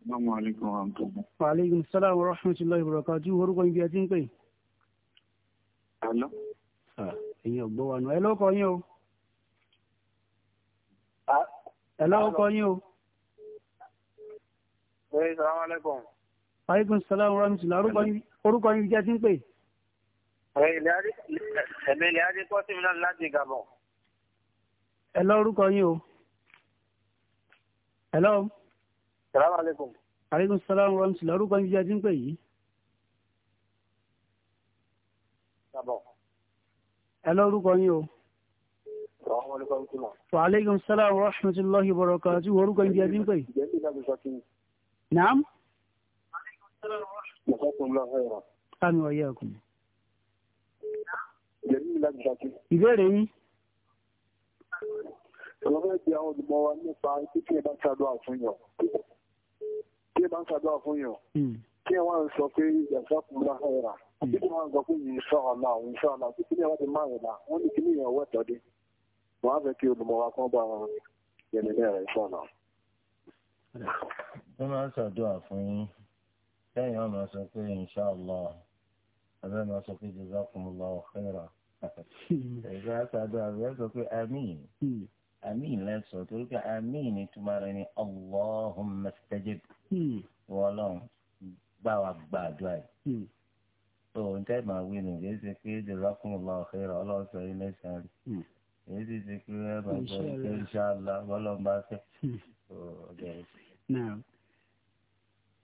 Assalamu alaikum wa rahmatullahi. Wa alaikum assalam wa rahmatullahi wa barakatuh. Orúkọ ibi ẹ ti ń pè. Hello èyàn gbọ́ wa nù ẹ lọ́kọ yín o ẹ lọ́kọ yín o. ṣe salamu aleykum. aleykum salaam wa rahmatulah orúkọ yín jẹ́ tí ń pè. ẹ̀mí ilé adé kọ́ sí mi náà láti Gabon. ẹ lọ́rúkọ yín o. hello. salamu aleykum. aleykum salaam wa rahmatulah orúkọ yín jẹ́ tí ń pè yìí. ẹ lórúkọ yín o. wa aleykum salaam wa rahmatulahi wa barakatuh orúkọ yín bí ẹbí ń pè. naam. sami wa yakum. ìbéèrè yín. ọlọ́mọ ẹgbẹ́ àwọn olùmọ̀ wa nípa títí ẹ bá ń ṣàdúrà fún yàn tí ẹ bá ń ṣàdúrà fún yàn kí ẹ hmm. wá sọ pé ìjàmbá kùn láhàrá kí wọ́n sọ pé yìí sọ̀rọ̀ náà yìí sọ̀rọ̀ náà kí kíni ìwádìí márùn náà wọ́n ní kíni ìyẹn owó ẹ̀tọ́ dé wọ́n á fẹ́ kí olùmọ̀ wa kán bá wọn yẹn nílé rẹ̀ sọ̀rọ̀ náà. wọ́n máa ń ṣàdúrà fún yín lẹ́yìn wọn máa sọ pé inshallah abẹ́ máa sọ pé jazakumullahu khaira ẹ̀ka ṣàdúrà tó ohun tẹ́ máa wí nù yéé ṣe pé jazakumullahu khairan ọlọ́run sọ yín lẹ́sàn-án rẹ̀ èyí ti ṣe pé ẹ máa sọ pé ṣáàlà ọlọ́run bá fẹ́. Hmm.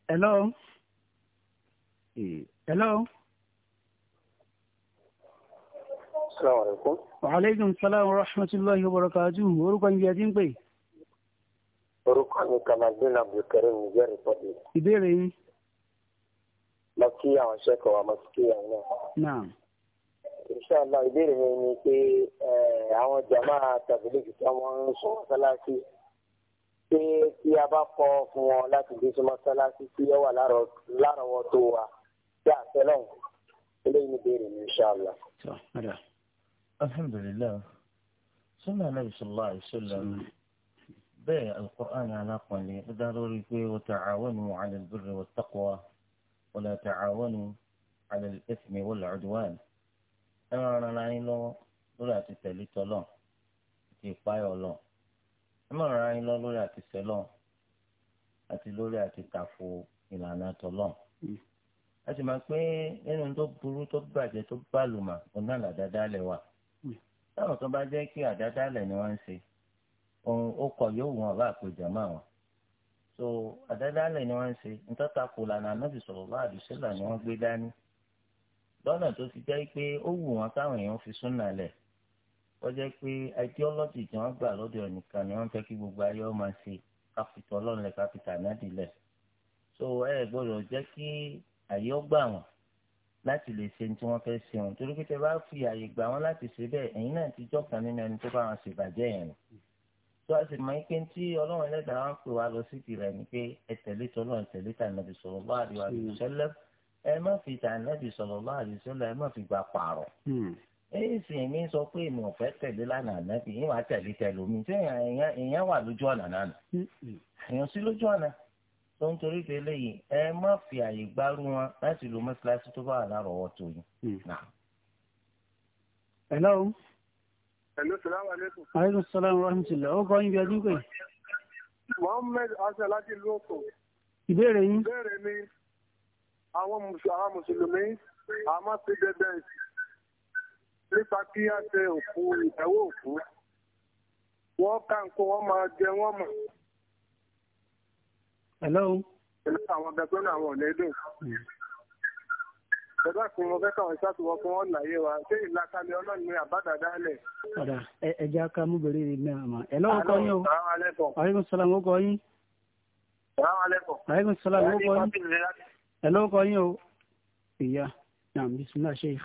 hello hello. Assalamu alaikum. Wa alaikum salaam wa rahmatullahi wa barakatuh. Orúkọ ìyá ti ń pè. Orúkọ mi Kamaldin Abdulkarim Niger Republic. Ìbéèrè yín. lọ́kíyà àwọn ṣẹ́kọ̀ọ́ wa mọ́síkíyà náà. inṣàlá ìbéèrè mi ni pé àwọn jàmá tàbílẹ̀kì tí wọ́n ń sọ mọ́sálásí pé tí a bá kọ́ fún wọn láti gbé sí mọ́sálásí tí ó wà lárọ̀ọ́wọ́tó wa bí àtẹ́lẹ̀ eléyìí ni ìbéèrè mi inṣàlá. alhamdulilayi sunna alayhi sallallahu alayhi wa sallam bẹ́ẹ̀ alukur'an alákùnrin ó dá lórí pé wọ́n ti àwọn ènìyàn àlẹ́ ولا تعاونوا على الإثم والعدوان أنا أنا أنا lórí àti tẹ̀lé tọ́lọ̀ àti ìpáyọ̀ lọ. ẹ má rárá yín lọ lórí àti sẹ́lọ̀ àti lórí àti tàfo ìlànà tọ́lọ̀. a sì máa pé nínú tó burú tó bàjẹ́ tó bàlùmà ọ̀nà àdádálẹ̀ wà. táwọn kan bá jẹ́ kí àdádálẹ̀ ni wọ́n ń ṣe ohun ó kọ yóò wọ́n bá àpèjọ máa wọn. so àdádálẹ̀ ni wọ́n ń ṣe nítọ́ta kò lànà ànábì sọ̀rọ̀ bá wasallam ni wọ́n gbé dání lọ́nà tó fi jẹ́ pé ó wù wọ́n káwọn èèyàn fi súnà lẹ̀ ó jẹ́ pé ideology tí wọ́n gbà lọ́dọ̀ ẹnìkan ni wọ́n fẹ́ kí gbogbo ayé ọ máa ṣe káfíńtì ọlọ́run lẹ̀ káfíńtì ànádì lẹ̀ so ẹ gbọ́dọ̀ jẹ́ kí àyè ọ gbà wọ́n láti lè ṣe tí wọ́n fẹ́ ṣe wọn torí tó a sì máa ń pé tí ọlọ́run ẹlẹ́dàá wá ń pè wá lọ sí tirẹ̀ ni pé ẹ tẹ̀lé tó ọlọ́run tẹ̀lé tà nàbì sallallahu alaihi wasallam hmm. ẹ má fi tà nàbì sallallahu alaihi wasallam ẹ má fi gbà pààrọ̀ èyí hmm. sì mí sọ pé èmi ò fẹ́ tẹ̀lé lánàá nàbì yín wàá tẹ̀lé tẹ̀lé omi tí èèyàn wà lójú ọ̀nà náà hmm. èèyàn sí lójú ọ̀nà tó ń torí pé léyìí ẹ má fi àyè gbárù wọn láti lo mọ́ṣáláṣí tó bá wà lárọ̀ọ́wọ́ Hello, salaam aleykum. Aleykum salaam wa rahmatulah. Ó kọ́ yín bí ọdún pé. Mohammed Hasan láti ìlú Òkò. Ìbéèrè yín. Ìbéèrè mi, àwọn Mùsùlùmí, àmọ́ sí dẹ́dẹ́ nípa kí á ṣe òkú ìdáwó òkú. Wọ́n ká nǹkó wọ́n máa jẹ wọ́n mọ̀. Hello. Hello, àwọn gàgbọ́n àwọn ọ̀nà ẹ̀dùn. Hmm ẹ̀dá kun mo fẹ́ káwọn ìṣáàtú wọ fún wọn láyé wa ṣé ìlàkalẹ̀ ọlọ́run ni àbádàdá lẹ̀. ọ̀dà ẹja ká mú bèrè rè mí àmọ́ ẹ lọ́wọ́ kọ́ yín o aleykum salaam ó kọ́ yín. aleykum salaam ó kọ́ yín. ẹ lọ́wọ́ kọ́ yín o. ìyá naam bisimilá sheikh.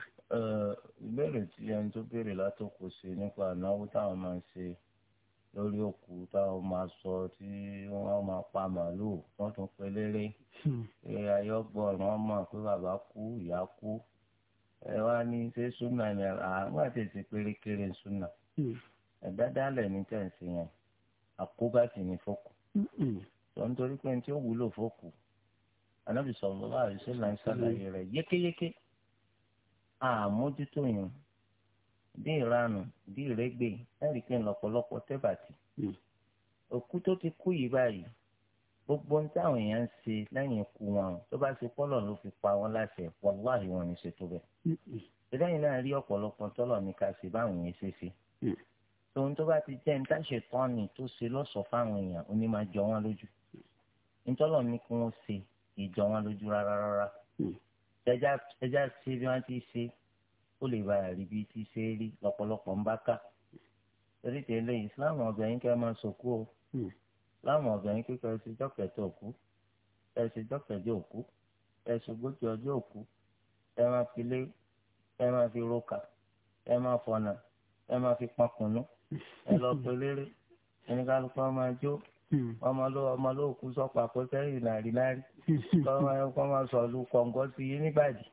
ìbéèrè tí ẹni tó béèrè látòkò ṣe nípa ànáwó táwọn máa ń ṣe lórí òkú táwọn máa sọ tí wọ́n máa pa màálùú wọ́n tún pe léré hmm. ẹ ayọ́gbọ́ ọ̀ràn ọmọ pé bàbá kú ìyá kú ẹ wá ní ṣé súnà ni àwọn àti èsì pérékéré súnà hmm. ẹ̀dá dálẹ̀ ní tẹ̀sí yẹn àkóbá sì ní fọ́kù tó hmm. ń torí pé ní tí ó wúlò fọ́kù anábìsọ̀ ọ̀rọ̀ àìsílẹ̀ ń ṣàlàyé rẹ̀ yékéyéké àmójútó yẹn bí ìranù bí ìrẹgbẹ ẹrí pé lọ́pọ̀lọpọ̀ tẹbàtì hmm. òkú tó ti kú yìí báyìí gbogbo ohun táwọn èèyàn ń ṣe lẹ́yìn ikú wọn tó bá ṣe pọlọ ló fi pa wọn láṣẹ wàláhì wọn ní ṣètò bẹ́ẹ̀ ìdáyìn hmm. náà rí ọ̀pọ̀lọpọ̀ tọlọ ní ká ṣe báwọn yẹn ṣe ṣe tòun hmm. tó bá ti jẹ́ ní táṣe tọ́ni tó ṣe lọ́sọ̀ọ́ fáwọn èèyàn ó ní máa jọ wọn lójú nítọ́lọ̀ ní kí wọ́n ṣe ìjọ wọn lójú rárá rárá ẹja ṣe bí wọ́n ti ṣe ó lè bá rí bí ti ṣe rí lọ́pọ̀lọpọ̀ ń bá ká torí tẹ́lẹ̀ islam ọ̀bẹ̀yìn kẹ́ máa sọ̀kú o islam ọ̀bẹ̀yìn kí kẹ́ ẹ ṣe dọ́kẹ̀tẹ̀ òkú ẹ ṣe dọ́kẹ̀tẹ̀ òkú ẹ ṣògbójì ọjọ́ òkú ẹ máa fi lé ẹ máa fi roka ẹ máa fọnà ẹ máa fi pankùnú ẹ lọ pé lérè ẹni kálukú máa jó ọmọ ló ọmọ ló kú sọpọ àkọsẹ ìrìnàrí lárí kọ́ máa sọ lu kọ̀ǹgọ́ sí yín nígbàdí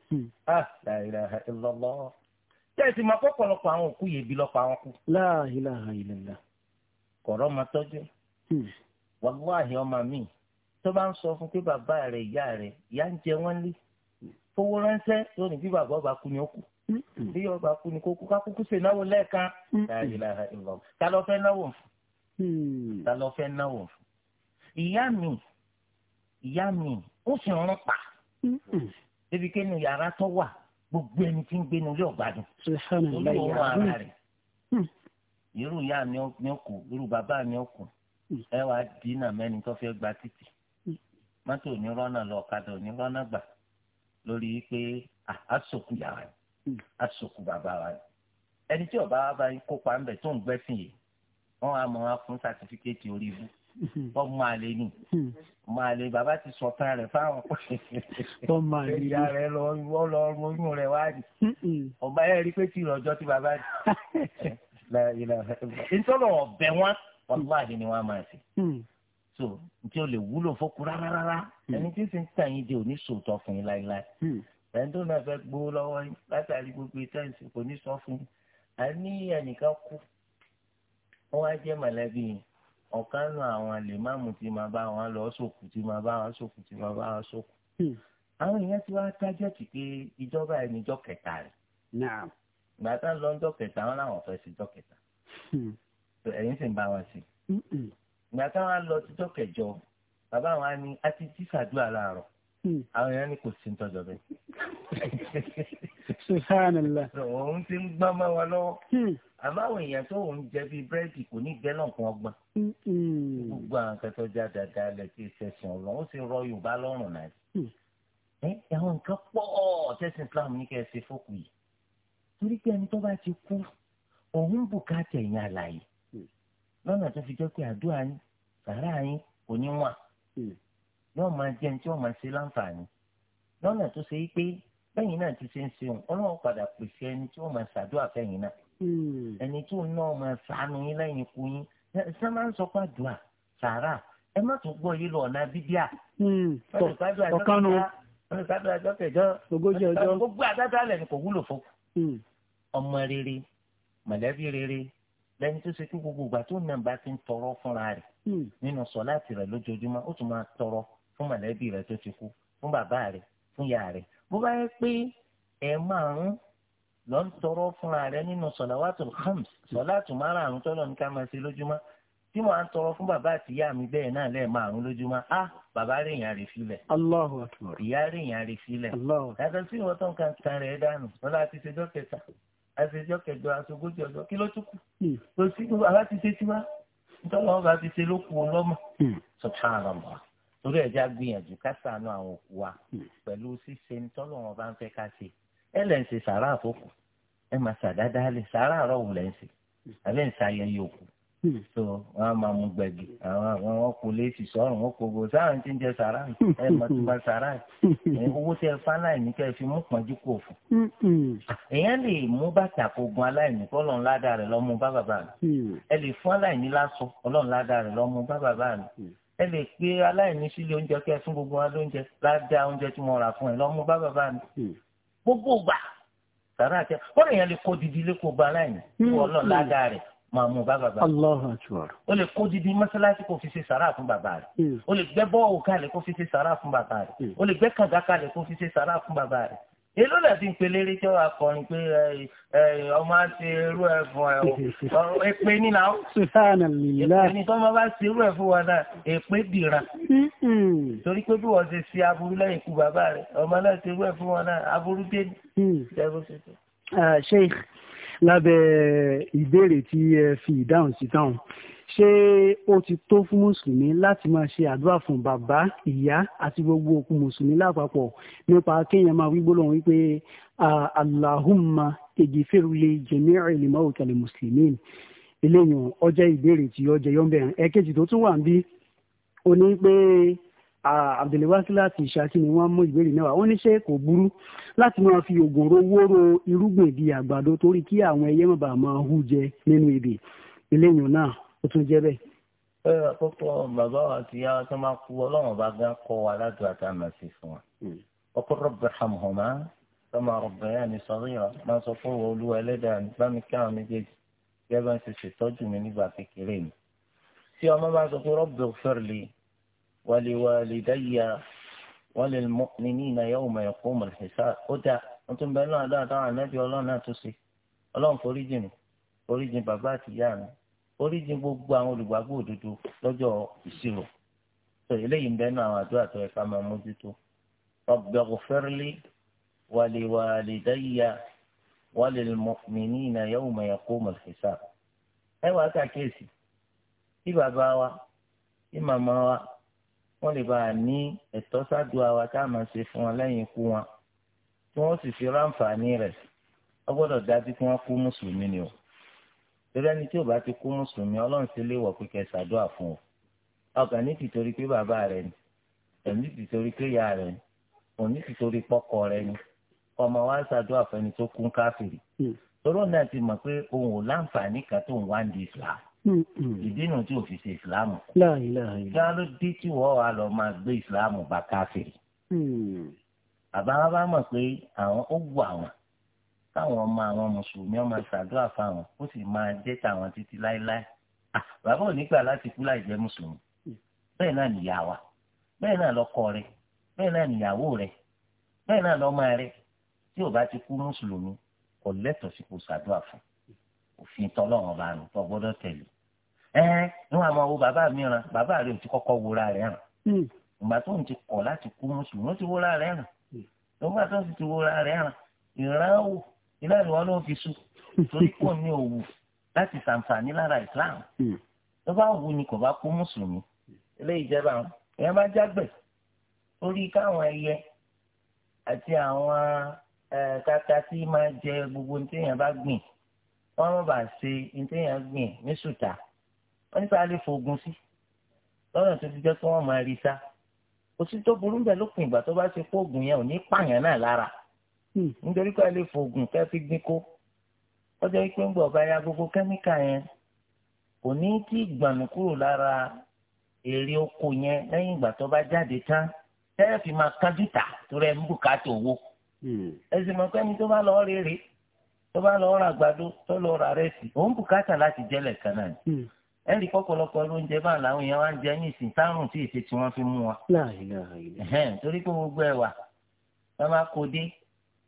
tẹ̀sí ma kọ́ pọ̀lọpọ̀ àwọn òkú yèébi lọ́pọ̀ àwọn kú. la ilaha illallah. kọ̀rọ̀ ma tọ́jú. Hmm. wàláhì ọmọ mi tó bá ń sọ fún pé bàbá rẹ̀ ìyá rẹ̀ ìyá ń jẹ wọ́n lé fowó ránṣẹ́ lónìí bí bàbá ọba kú ni ó kú hmm. bí ọba kú ni kó kú kákúkú ṣe náwó lẹ́ẹ̀kan hmm. la ilaha illallah ta ló fẹ́ náwó fún ta ló fẹ́ náwó fún ìyá mi ìyá mi ó sì rán pa débi kí ni yàrá tó wà gbogbo ẹni tí ń gbé ní ilé ọ̀gbádùn olówó ara hmm. rẹ̀ hmm. irú ìyá mi ọkù irú bàbá mi ọkù hmm. ẹ wàá dínà mẹ́ni tó fẹ́ gba títì mọ́tò onírọ́nà lọ ọ̀kadà onírọ́nà gbà lórí pé àsòkù yàrá rẹ̀ àsòkù bàbá wa rẹ̀ ẹni tí ọba wa bá yín kópa ń bẹ̀ tó ń gbẹ́sìn yìí wọ́n á mọ̀ wá fún sátífíkẹ́tì orí ibú. Hmm. ọmọ àlè ni hmm. ọmọ àlè bàbá ti sọ̀tàn rẹ̀ fáwọn ọmọ àlè ìyá rẹ̀ lọ wọ́n lọ oyún rẹ̀ wá ní hmm. ọba yẹn rí pé tí ìrọ̀jọ́ ti bàbá ní nítorí ọ̀bẹ wọn wàláhì ni wọ́n máa ṣe so tí o lè wúlò fókun rárá rárá ẹni tí ń sin tàn yín de ò sòótọ́ fún yín láéláé ẹ̀ńdó náà fẹ́ gbó lọ́wọ́ yín látàrí gbogbo ìtẹ́ǹsì kò ní sọ fún yín a ẹnìkan kú wọ́n á jẹ́ mọ̀lẹ́bí yín ọ̀kan nù àwọn lèmáàmù tí máa bá wọn lọ sókù tí máa bá wọn sókù tí máa bá wọn sókù. Hmm. àwọn èèyàn ti wá tájẹ́tì pé ìjọba ẹni jọ kẹta rẹ̀. ìgbà tá lọ jọ kẹta wọn làwọn fẹ́ sí jọ kẹta. Hmm. ẹ̀yin sì ń bá wọn sí. ìgbà táwọn lọ sí jọ kẹjọ bàbá wọn á a ti tí sàdúrà láàárọ̀. Hmm. àwọn èèyàn ní kò sí ń tọ́jọ bẹ́ẹ̀. òun ti ń gbọ́n mọ́ wa lọ́wọ́ hmm. àmọ́ àwọn èèyàn tó ń jẹ bíi búrẹ́dì kò ní gbẹ́ náà kún ọgbọ́n hmm. gbogbo àwọn akẹ́tọ́ já dáadáa lẹ̀ tí ìṣẹ̀sìn ọ̀rọ̀ ó sì rọ Yorùbá lọ́rùn náà hmm. ẹ àwọn nǹkan pọ̀ tẹ́sán Islam ní kẹ́ ẹ ṣe fókù yìí torí pé ẹni tó bá ti kú òun bùkátà ẹ̀yìn àlàyé lọ́nà tó fi jẹ́ pé àdúrà yín sàrà yín kò ní wà yóò máa jẹun tí yóò máa ṣe láǹfààní lọ́nà tó ṣe é pé fẹ́yìn náà ti ṣe ń ṣeun ọlọ́run padà pèsè ẹni tí wọ́n máa ṣàdúrà fẹ́yìn náà hmm. ẹni tí òun náà máa ṣàánú yín lẹ́yìn ikú yín ṣé máa ń sọ pé àdúrà sàárà ẹ má tún gbọ́ yìí lọ ọ̀nà bíbíà. ọ̀kanu ọ̀nìkadà ọjọ́ kẹjọ ogójì ọjọ́ gbogbo àdáda lẹ́nu kò wúlò fún. ọmọ rere mọ̀lẹ́bí rere lẹ́ni tó ṣe kí gbogbo ìgbà tó nàmbá ti ń tọrọ fúnra rẹ̀ hmm. nínú sọ̀láàtì rẹ̀ lójoojúmọ́ ó tún máa tọrọ fún mọ̀lẹ́bí rẹ̀ tó ti kú fún bàbá rẹ̀ fún ìyá rẹ̀ bó bá yẹ pé ẹ̀ márùn lọ́n tọrọ fúnra rẹ nínú sọ̀làwátùl khams sọ̀làtù márùn tọ́lọ̀ ní ká máa ṣe lójúmọ́ tí mo à ń tọrọ fún bàbá àti ìyá mi bẹ́ẹ̀ náà lẹ́ẹ̀ márùn lójúmọ́ á ah, bàbá rèèyàn rè filẹ̀ Allahu akbar ìyá rèèyàn rè filẹ̀ yàtọ̀ sí ìwọ́n tó ń kan kan rẹ̀ dànù wọn láti ṣe dọ́kẹta àṣejọ́ kẹjọ aṣogójì ọjọ́ kí ló tún kù hmm. kò sí aláti ṣe tiwa nítorí wọn bá ti ṣe ló kù ọlọ́mọ hmm. subhanallah torí ẹ̀já gbìyànjú ká ṣàánú àwọn òkú wa hmm. pẹ̀lú ṣíṣe tọ́lọ̀ wọn bá ń fẹ́ ká ṣe ẹ lẹ́ ń ṣe sàárà àfọkù ẹ máa ṣàdáadáa lẹ̀ sàárà àárọ̀ wò lẹ́ ń ṣe àbẹ́ ń ṣayẹyẹ òkú hmm. so wọn a máa mú gbẹ̀gì àwọn wọn kò lè fi sọ́rùn wọn kò gbò sáà ti ń jẹ sàárà ẹ mọ̀ tó bá sàárà owó tẹ fáláìní kẹ́ ẹ fi mú pọ́njú kò fún. Hmm. èèyàn lè mú bàtà kó gun aláìní kó lọ́n ládàá rẹ̀ lọ́mú bá bàbá rẹ̀ ẹ lè fún aláìní lásọ ọlọ́run ládàá rẹ̀ lọ́mú bá bàbá rẹ̀ ẹ lè pe aláìní sílé oúnjẹ kẹ fún gbogbo wa lóúnjẹ ládàá oúnjẹ tí mo rà fún ẹ lọ́mú bá bàbá mi hmm. gbogbo gbà sàrà àti ó lè yẹn lè kó didi lé kó ba aláìní hmm. wọ́n lọ ládàá rẹ̀ máa mú bá bàbá rẹ̀ ó lè kó didi mọ́sálásí kó fi ṣe sàrà fún bàbá rẹ̀ ó hmm. lè gbẹ́ bọ́ọ̀wù kalẹ̀ kó fi ṣe sàrà fún bàbá rẹ̀ ó lè gbẹ́ kàǹgá kalẹ̀ kó fi ṣe sàrà fún bàbá rẹ̀ èló lẹ fi ń pelére tí wọn akọrin pé ọmọ á ṣe irú ẹ fún ẹ o èpè ní làwọn. sùsàánà lìlá èpè ní tọ́mọ bá ṣe irú ẹ fún wa náà èpè dìran. torí pé bí wọ́n ṣe ṣe aburú lẹ́yìn ikú bàbá rẹ̀ ọmọ náà ṣe irú ẹ fún wa náà aburú dé ní. Mm. Ah, sheikh lábẹ́ ìbéèrè tí ẹ fi ìdáhùn sí táwọn ṣé ó ti tó fún mùsùlùmí láti máa ṣe àdúrà fún bàbá ìyá àti gbogbo òkú mùsùlùmí lápapọ̀ nípa kéèyàn máa wí gbólóhùn wípé allahumma ejifirule jami'i limawta li muslimin eléyàn ọjọ́ ìbéèrè tí ọjọ́ yọ̀ǹbẹ̀rẹ̀ ẹ̀kejì tó tún wà ń bí ó ní pé abdulwasi láti ìṣákí ni wọ́n mú ìbéèrè náà wá ó ní ṣé kò burú láti máa fi oògùn rówóró irúgbìn bíi àgbàdo torí kí àwọn ẹyẹ má máa hù jẹ nínú ibì eléyàn náà ó tún jẹ́ bẹ́ẹ̀. bẹ́ẹ̀ àkókò bàbá wa ti yá tó máa kú ọlọ́run bá gán kọ́ wa ládùú àtàmà sí fún wa. ọkọ rọ̀bì hàmùhàmá tọ́mọ rọ̀bì yá ni sọ̀rọ̀ yà máa sọ fún olúwa ẹlẹ́dàá bá mi kí àwọn méjèèjì bí ẹ bá ń ṣe ṣètọ́jú mi nígbà kékeré mi. tí ọmọ bá sọ pé rọ̀bì fẹ́rẹ̀lì wàlíwàlídáyà wàlímọ́nìyàn yóò mọ̀ ẹ̀kọ́ mọ̀ ẹ̀ṣá ó dà oríjì gbogbo àwọn olùgbàgbọ́ òdodo lọ́jọ́ ìṣirò tó eléyìí ń bẹ nínú àwọn àdúrà tó yẹ ká máa mójútó rabbi ghfirli wa li walidayya wa lil mu'minina yawma yaqumul hisab ẹ wàá kàkíyèsí tí bàbá wa tí màmá wa wọ́n lè bá a ní ẹ̀tọ́ sádùá wa tá a máa ṣe fún wọn lẹ́yìn ikú wọn tí wọ́n sì fi ráǹfààní rẹ̀ ọ dájú kí wọ́n kú mùsùlùmí ni o torí ẹni tí ò bá ti kú mùsùlùmí ọlọ́run ti lé wọ̀ pé kẹ́ ṣàdúrà fún o ọkàn ní tìtorí pé bàbá rẹ ni ẹ̀mí tìtorí pé ìyá rẹ ni òní tìtorí pọ́kọ rẹ ni ọmọ wa ṣàdúrà fún ẹni tó kún káfìrí hmm. torí náà ti mọ̀ pé òun ò láǹfààní kan tó ń wá ní islam hmm, hmm. ìdí nu tí ò ṣe islam kù kí ló dé tí wọ́n wà lọ máa gbé islam bá káfìrí bàbá wa bá mọ̀ pé àwọn ó wù àwọn káwọn ọmọ àwọn mùsùlùmí ọmọ ṣàdúrà fáwọn ó sì máa jẹ́ tàwọn títí láéláé ah, bàbá ò ní láti kú láì jẹ́ mùsùlùmí bẹ́ẹ̀ náà nìyá wa bẹ́ẹ̀ náà lọ́kọ rẹ̀ bẹ́ẹ̀ náà nìyàwó rẹ̀ bẹ́ẹ̀ náà tí ò bá ti kú mùsùlùmí kò kò ṣàdúrà fún òfin bá nù tó ẹ bàbá mi bàbá ò ti kọ́kọ́ wúra rẹ̀ ràn hmm. ìgbà tó ń ti láti kú mùsùlùmí ó ti wúra ràn hmm. ìgbà tó ń ti wúra ràn iná ìwọ náà fi sùn torí kò ní òwú láti ṣàǹfààní lára islam hmm. tó bá wù ni kò bá kú mùsùlùmí eléyìí jẹba àwọn èèyàn bá jágbẹ lórí káwọn ẹyẹ àti àwọn kàkà tí máa jẹ gbogbo ní téèyàn bá gbìn wọn má bàa ṣe ní téèyàn gbìn ní sùtà wọn nípa lè fògùn sí lọ́nà tó ti jẹ́ kí wọ́n máa rí sá kò sí tó burú bẹ́ẹ̀ lópin ìgbà tó bá ṣe fóògùn yẹn ò ní pààyàn náà lára. Hmm. nítorí pé a lè fògùn kẹ́ fi dín kó ọjọ́ ìpín ń gbogbo kẹ́míkà yẹn kò ní kí gbànú kúrò lára èrè oko yẹn lẹ́yìn ìgbà tó bá jáde tán tẹ́lẹ̀ fi máa kájú tà torí ń bùkátà owó hmm. pé ẹni tó bá lọ rèrè tó bá lọ tó lọ òun bùkátà láti kan náà lóúnjẹ bá làwọn èèyàn wá ń jẹ ìsìn tárùn tí tí wọn fi mú wa. torí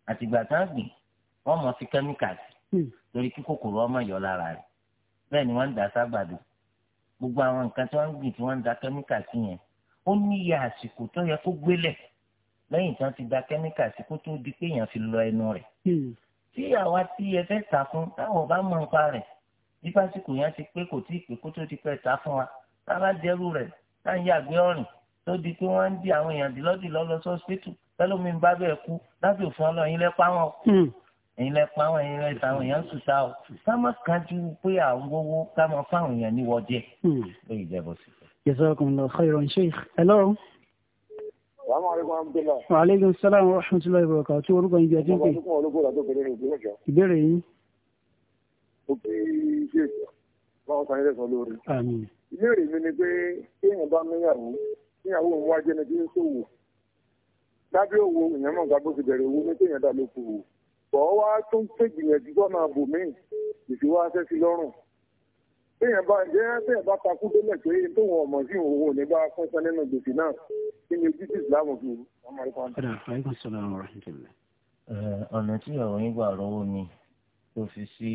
àtìgbà tá a gbìn wọ́n mọ̀ fi kẹ́míkà sí hmm. torí kí kòkòrò ọmọ yọ lára rẹ̀ bẹ́ẹ̀ ni wọ́n ń dà ságbàdo gbogbo àwọn nǹkan tí wọ́n ń gbìn tí wọ́n ń da kẹ́míkà sí yẹn ó ní iye àsìkò tó yẹ kó gbélẹ̀ lẹ́yìn tí wọ́n ti da kẹ́míkà sí kó tó di pé èèyàn fi lọ ẹnu rẹ̀ hmm. tí àwa tí ẹ fẹ́ ta fún táwọn bá mọ̀ nípa rẹ̀ bí pásíkò yẹn ti pé kò tí ì pé kó tó ti pẹ́ ta fún wa tá a bá dẹrú rẹ̀ tá à ń yàgbé ọ̀rìn tó di pé wọ́n ń di àwọn èèyàn dìlọ́dìlọ́ lọ sọ́ọ́sìpítù tẹlómi bá bẹ́ẹ̀ kú láti òfin ọlọ́run ilẹ̀ pa wọn ẹ̀yin lẹ pa àwọn hmm. ẹ̀yin lẹ ta àwọn èèyàn sùta o ká má kájú pé à ń wọ́wọ́ ká má fáwọn èèyàn ní wọ́jẹ́ hmm. lórí ìjẹ́bọ̀ sí. jazakumullahu khairan sheikh hello. wa aleykum salaam wa rahmatulahi wa barakatuh tí orúkọ yín bí ẹtí ìbéèrè yín. ó kì í ṣe lórí. ìbéèrè mi ni pé kéèyàn bá mi yàwó kéèyàn wò ń wájẹ ni kí n ṣòwò dábìá owó èèyàn mọ̀ gbàgbó ti bẹ̀rẹ̀ owó mẹ́tò èèyàn dá lóko wò bọ́ wá tó ń ṣègbìyànjú sọ́nà àbòmíì ìṣòwò aṣẹ́sí lọ́rùn téèyàn bá jẹ́ téèyàn bá takú délẹ̀ pé tó wọn ọmọ sí òun ní bá fún sọ nínú gbèsè náà kí ni ojú sí ìsìláàmù fi ọ̀nà tí ìyàwó yín gbà lọ́wọ́ ni tó fi sí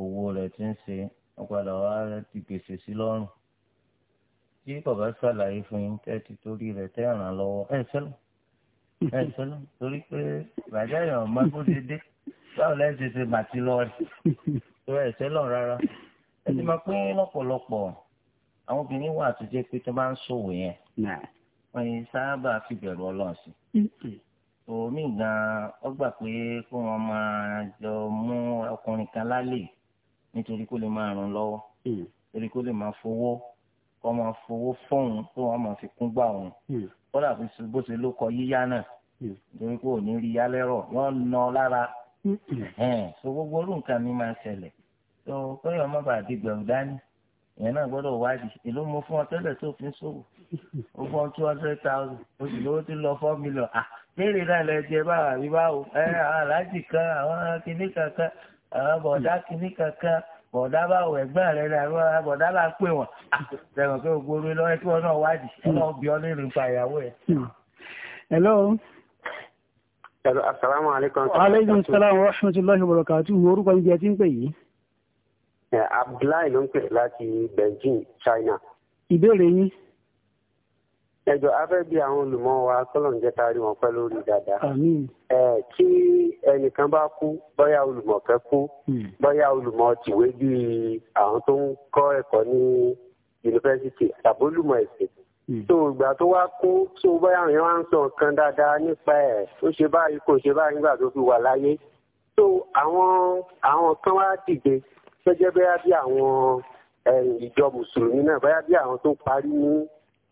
owó rẹ̀ tí ń ṣe wọ́n padà wá ti gbèsè sí lọ́rùn tí bàbá ṣàlàyé fún yín tẹ́ ti torí rẹ̀ tẹ́ ràn án ẹ sọlọ torí pé bàjẹ́ yẹn ọmọ kó ṣe dé báwo lẹ́yìn ṣe ṣe màtí lọ rí tó ẹ sẹ́lọ̀ rárá ẹ ti máa pín lọ́pọ̀lọpọ̀ àwọn obìnrin wà tó jẹ́ pé tó bá ń ṣòwò yẹn wọ́n yìí sábà fi bẹ̀rù ọlọ́run omi gan ọ pé kó wọn máa jọ mú ọkùnrin kan lálẹ́ nítorí kó lè máa ràn lọ́wọ́ mm. torí kó lè máa fowó kọ́ máa fowó fóun kó wọ́n máa fi kún gbà òun kódà hmm. fi bó ṣe ló kọ yíyá náà hmm. torí pé ò ní rí yálẹ́rọ̀ wọ́n nà ọ́ lára hmm. so gbogbo orú nǹkan mi máa ṣẹlẹ̀ tó kọ́yọ̀ ọmọ bàá di gbẹ̀rù dání ìyẹn náà gbọ́dọ̀ wádìí èló mo fún ọ tẹ́lẹ̀ tó fi ń ṣòwò ó fún ọ two hundred thousand oṣù lówó ti lọ four million ah léèrè náà lẹ jẹ báwa rí báwo ẹ àwọn aláàjì kan àwọn kìnnìkan kan àwọn bọ̀dá kìnnìkan kan bọ̀dá bá wọ ẹ̀gbọ́n rẹ̀ náà bọ̀dá bá pè wọ́n sẹ́wọ̀n ah, pé gbogbo orí lọ́wọ́ kí wọ́n náà wádìí ọlọ́run bí ọ lè rìn ìyàwó ẹ̀. Hmm. hello. asalaamu aleykum. salaam wa rahmatulahi wa barakatuhu orúkọ ibi ẹ ti ń pè yìí. abdullahi ló ń pè láti beijing china. ìbéèrè yín ẹjọ afẹ bí àwọn olùmọ wa kọlọn jẹ taari wọn pẹ lórí dáadáa ẹ kí ẹnìkan bá kú bóyá olùmọ kẹ kú hmm. bóyá olùmọ tìwé bíi àwọn tó ń kọ ẹ̀kọ́ ní yunifásitì àbólùmọ ẹsẹ tó hmm. ìgbà tó wá kú tó bóyá àwọn yẹn wá ń sọ nǹkan dáadáa nípa ẹ ó ṣe báyìí kò ṣe báyìí nígbà tó fi wà láyé tó àwọn àwọn kan wá dìde gẹ́gẹ́ bí àwọn ìjọ mùsùlùmí náà bẹ́yà bí àwọn tó parí ní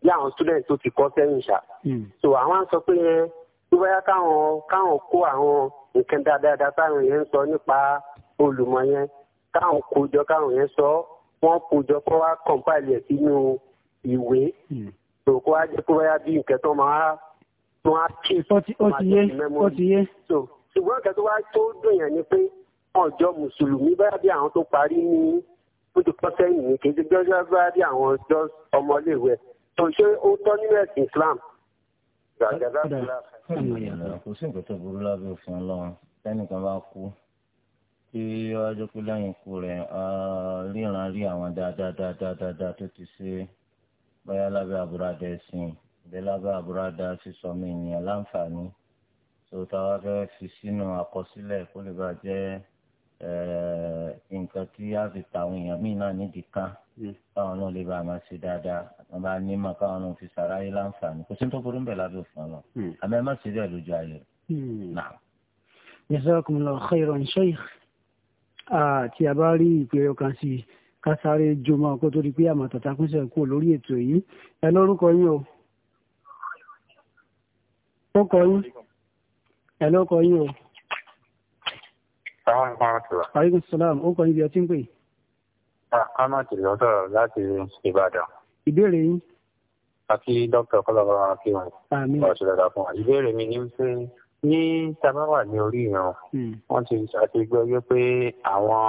bí àwọn student tó ti kọ́ sẹ́yìn ṣá. Hmm. so àwọn sọ pé yẹn tó báyá káwọn káwọn kó àwọn nǹkan dáadáa táwọn yẹn ń sọ nípa olùmọ̀ yẹn káwọn kó jọ káwọn yẹn sọ wọ́n kó jọ kó wá compile ẹ̀ sínú ìwé hmm. so kó wá jẹ́ kó báyá bí nǹkan tó máa tó máa kí máa jẹ́ mẹ́mọ́rì so ṣùgbọ́n nǹkan wá tó dùn yẹn ni pé ọjọ́ mùsùlùmí báyà bí àwọn tó parí ní ó ti ní kejì gbọ́dọ̀ bá bí àwọn ọjọ́ ọmọléèwé tó ṣe ó tọ́ nínú ẹ̀sìn Islam. kò sí nǹkan tó burú lábẹ́ òfin ọlọ́run lẹ́nìkan bá kú tí ọjọ́ pé lẹ́yìn ikú rẹ̀ ríran rí àwọn dáadáa dáadáa dáadáa tó ti ṣe báyà lábẹ́ àbúradà ẹ̀sìn ìdẹ́ lábẹ́ àbúradà sísọmọ ènìyàn láǹfààní tó táwa fẹ́ fi sínú àkọsílẹ̀ kó lè bàa jẹ́ Eh, nǹkan tí a fi tàwọn èèyàn míì náà nídìí kan hmm. káwọn náà lè bá a máa ṣe dáadáa wọn bá ní ma káwọn náà fi sara ayé láǹfààní kò sí ní tó burú bẹ́ẹ̀ lábẹ́ òfin ọ̀nà hmm. àmọ́ ẹ má ṣe bẹ́ẹ̀ lójú ayé rẹ̀. Hmm. jazakumullahu khairan sheikh tí a bá rí ìpè ọkàn sí i ká sáré jọmọ kó tó di pé àmọ́ tàtàkùnṣe kú lórí ètò yìí ẹ lórúkọ yín o ó kọ yín ẹ lórúkọ yín o. Aleykum salaam, ó kàn ibi ọtí ń pè. Ah, Ahmad lọ́dọ̀ láti Ìbàdàn. Ìbéèrè yín. Àti dókítà Kọ́lọ́bà Akíwọ̀n. Àmín. Ọ̀ṣẹ̀ dàda fún wa. Ìbéèrè mi ni pé ní tábà wà ní orí ìran, hmm. wọ́n ti àti gbọ́ yé pé àwọn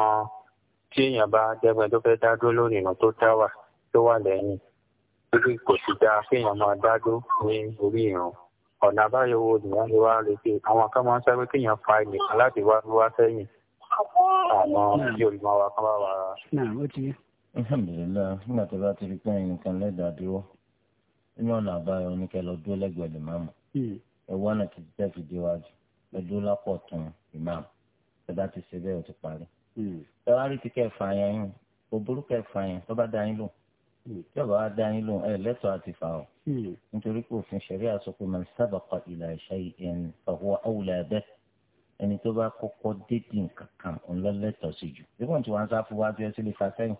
tí èèyàn bá dẹ́gbẹ́ tó fẹ́ dá dúró lórí ìran tó dá wà tó wà lẹ́yìn. Ó kò sì dáa kéèyàn máa dá dúró ní orí ìran ọ̀nà àbáyọ wo nìyẹn lè wá lókè àwọn kan máa ń sáré kéèyàn fa ilẹ̀ kan láti wá wá sẹ́yìn àmọ́ bí olùmọ̀ wa kan bá wà rà. alhamdulilayi nígbà tó bá ti rí pé nǹkan lẹ́dàá dúró inú ọ̀nà àbáyọ ní kẹ́ lọ dúró lẹ́gbẹ̀ẹ́ lè máàmù hmm. ẹ wá náà ti tẹ́ fi dé wájú ẹ dúró lápọ̀ tún ìmáàmù ẹ bá ti ṣe bẹ́ẹ̀ ó ti parí. Hmm. ẹ wá rí ti fa yẹn kò burú kẹ́ fa yẹn tó bá dá yín lò hmm. tí ọ̀bá wa dá yín lò ẹ lẹ́tọ̀ọ́ àti fà ọ́ Hmm. nítorí pé òfin ṣẹ̀rí àsopọ̀ man sabaqa ila shay'in fahuwa awla bihi ẹni tó bá kọ́kọ́ dédì nǹkan kan ńlọ́lẹ́tọ̀ sí jù. bí wọ́n ti wá ń sá wájú ẹ sílẹ̀ fà sẹ́yìn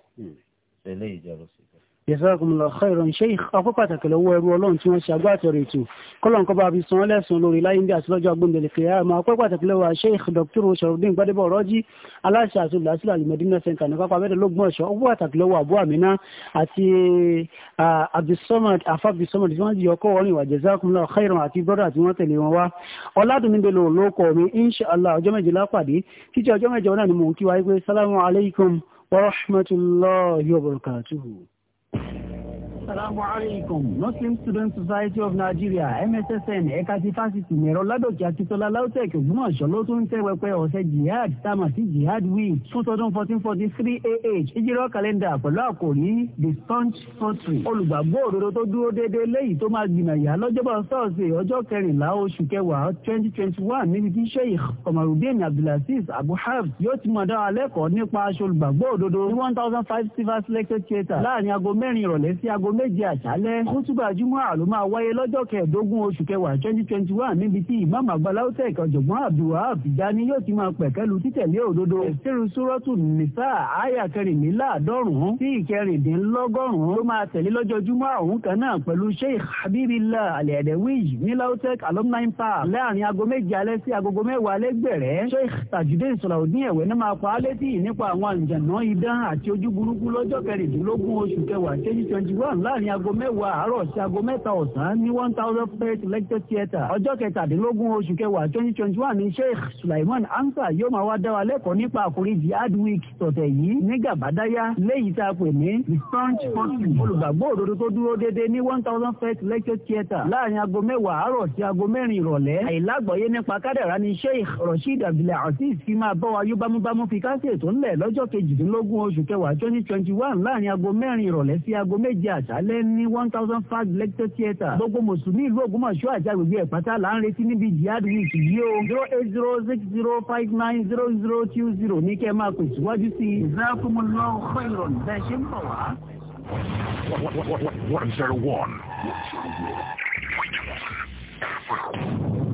ṣẹlẹ̀ ìjọba sí Jazakumullahu khairan Sheikh ọpọ́ pàtàkì lọ́wọ́ ẹrú ọlọ́run tí wọ́n ṣe agbátẹrù ètò kọ́lọ́nkọ́ bá fi san lẹ́sùn lórí láyé ní àtìlọ́jọ́ agbóhùndẹ̀lẹ̀ kìíyàmá ọpọ́ pàtàkì lọ́wọ́ Sheikh Dr. Sharafdin Gbadebo Ọ̀rọ́jì aláṣẹ àti olùdásílẹ̀ alimọ̀dínà center ní pápá abẹ́rẹ́ lọ́gbọ̀n ọ̀ṣọ́ ọpọ́ pàtàkì lọ́wọ́ Abu Amina àti Abdulsamad afa Abdulsamad tí wọ́n jẹ́ ọkọ̀ wọlé ìwà Jazakumullahu khairan àti brọ́dà tí wọ́n tẹ̀lé wọn wá ọ̀làdùnmíbe lò lóko mi inshallah ọjọ́ méje lápàdé títí ọjọ́ méje náà wa rahmatulahi wa barakatuhu. Assalamu alaikum. Muslim Student Society of Nigeria MSSN ẹ̀ka ti fásitì mẹ́rọ ládòkè akíntọ́lá lautech ògbómọ̀ṣọ́ ló tún ń tẹ́ wẹpẹ́ ọ̀sẹ̀ jihad táàmà sí jihad week fún tọdún fourteen forty three AH ìjírọ̀ kàlẹ́ndà pẹ̀lú àkòrí the staunch country. olùgbàgbọ́ òdodo tó dúró déédéé léyìí tó máa gbìmọ̀ ìyá lọ́jọ́bọ̀ sọ́ọ̀sì ọjọ́ kẹrìnlá oṣù kẹwàá twenty twenty one níbi tí sheikh Omarudin Abdulaziz Abu Hafs yóò ti mọ̀ dá alẹ́kọ̀ọ́ nípa aṣọ olùgbàgbọ́ òdodo ní one thousand five silver selected theatre láàrin aago mẹ́rin ìrọ̀lẹ́ sí aago méje àṣálẹ́ kútúbà júmọ́ àló máa wáyé lọ́jọ́ kẹẹ̀ẹ́dógún oṣù kẹwàá twenty twenty one níbi tí imam agbalautec ọ̀jọ̀gbọ́n abdulwahab tijani yóò ti máa pẹ̀kẹ́lu títẹ̀lé òdodo ẹ̀sẹ̀rù súrọ́tù nìsà àyà kẹrìnléláàádọ́rùn-ún sí ìkẹrìndínlọ́gọ́rùn-ún ló máa tẹ̀lé lọ́jọ́ júmọ́ ọ̀hún kan náà pẹ̀lú sheikh láàrin aago mẹ́wàá àárọ̀ sí aago mẹ́ta ọ̀sán ní one thousand first lecture theatre ọjọ́ kẹtàdínlógún oṣù kẹwàá twenty twenty one ní sheikh sulaiman ansa yóò máa wá dá wa lẹ́kọ̀ọ́ nípa àkórí jihad week tọ̀tẹ̀ yìí ní gàbádáyà léyìí tá a pè ní return function olùgbàgbọ́ òdodo tó dúró dédé ní one thousand first lecture theatre láàrin aago mẹ́wàá àárọ̀ sí aago mẹ́rin ìrọ̀lẹ́ àìlágbọ̀yé nípa kádàrá ní sheikh rasheed abdulai azeez fi máa bọ́ wa yó bámúbámú fi kásẹ̀ twenty twenty one láàrin aago mẹ́rin ìrọ̀lẹ́ sí aago àṣálẹ́ ní one thousand five lecture theatre gbogbo mùsùlùmí ìlú Ògbómọ̀ṣọ́ àti agbègbè ẹ̀pátá là ń retí níbi jihad week yìí o zero eight zero six zero five nine zero zero two zero ní kẹ́ máa pèsè wájú sí i. jazakumullahu khairan bẹ́ẹ̀ ṣe ń bọ̀ wá. one zero one.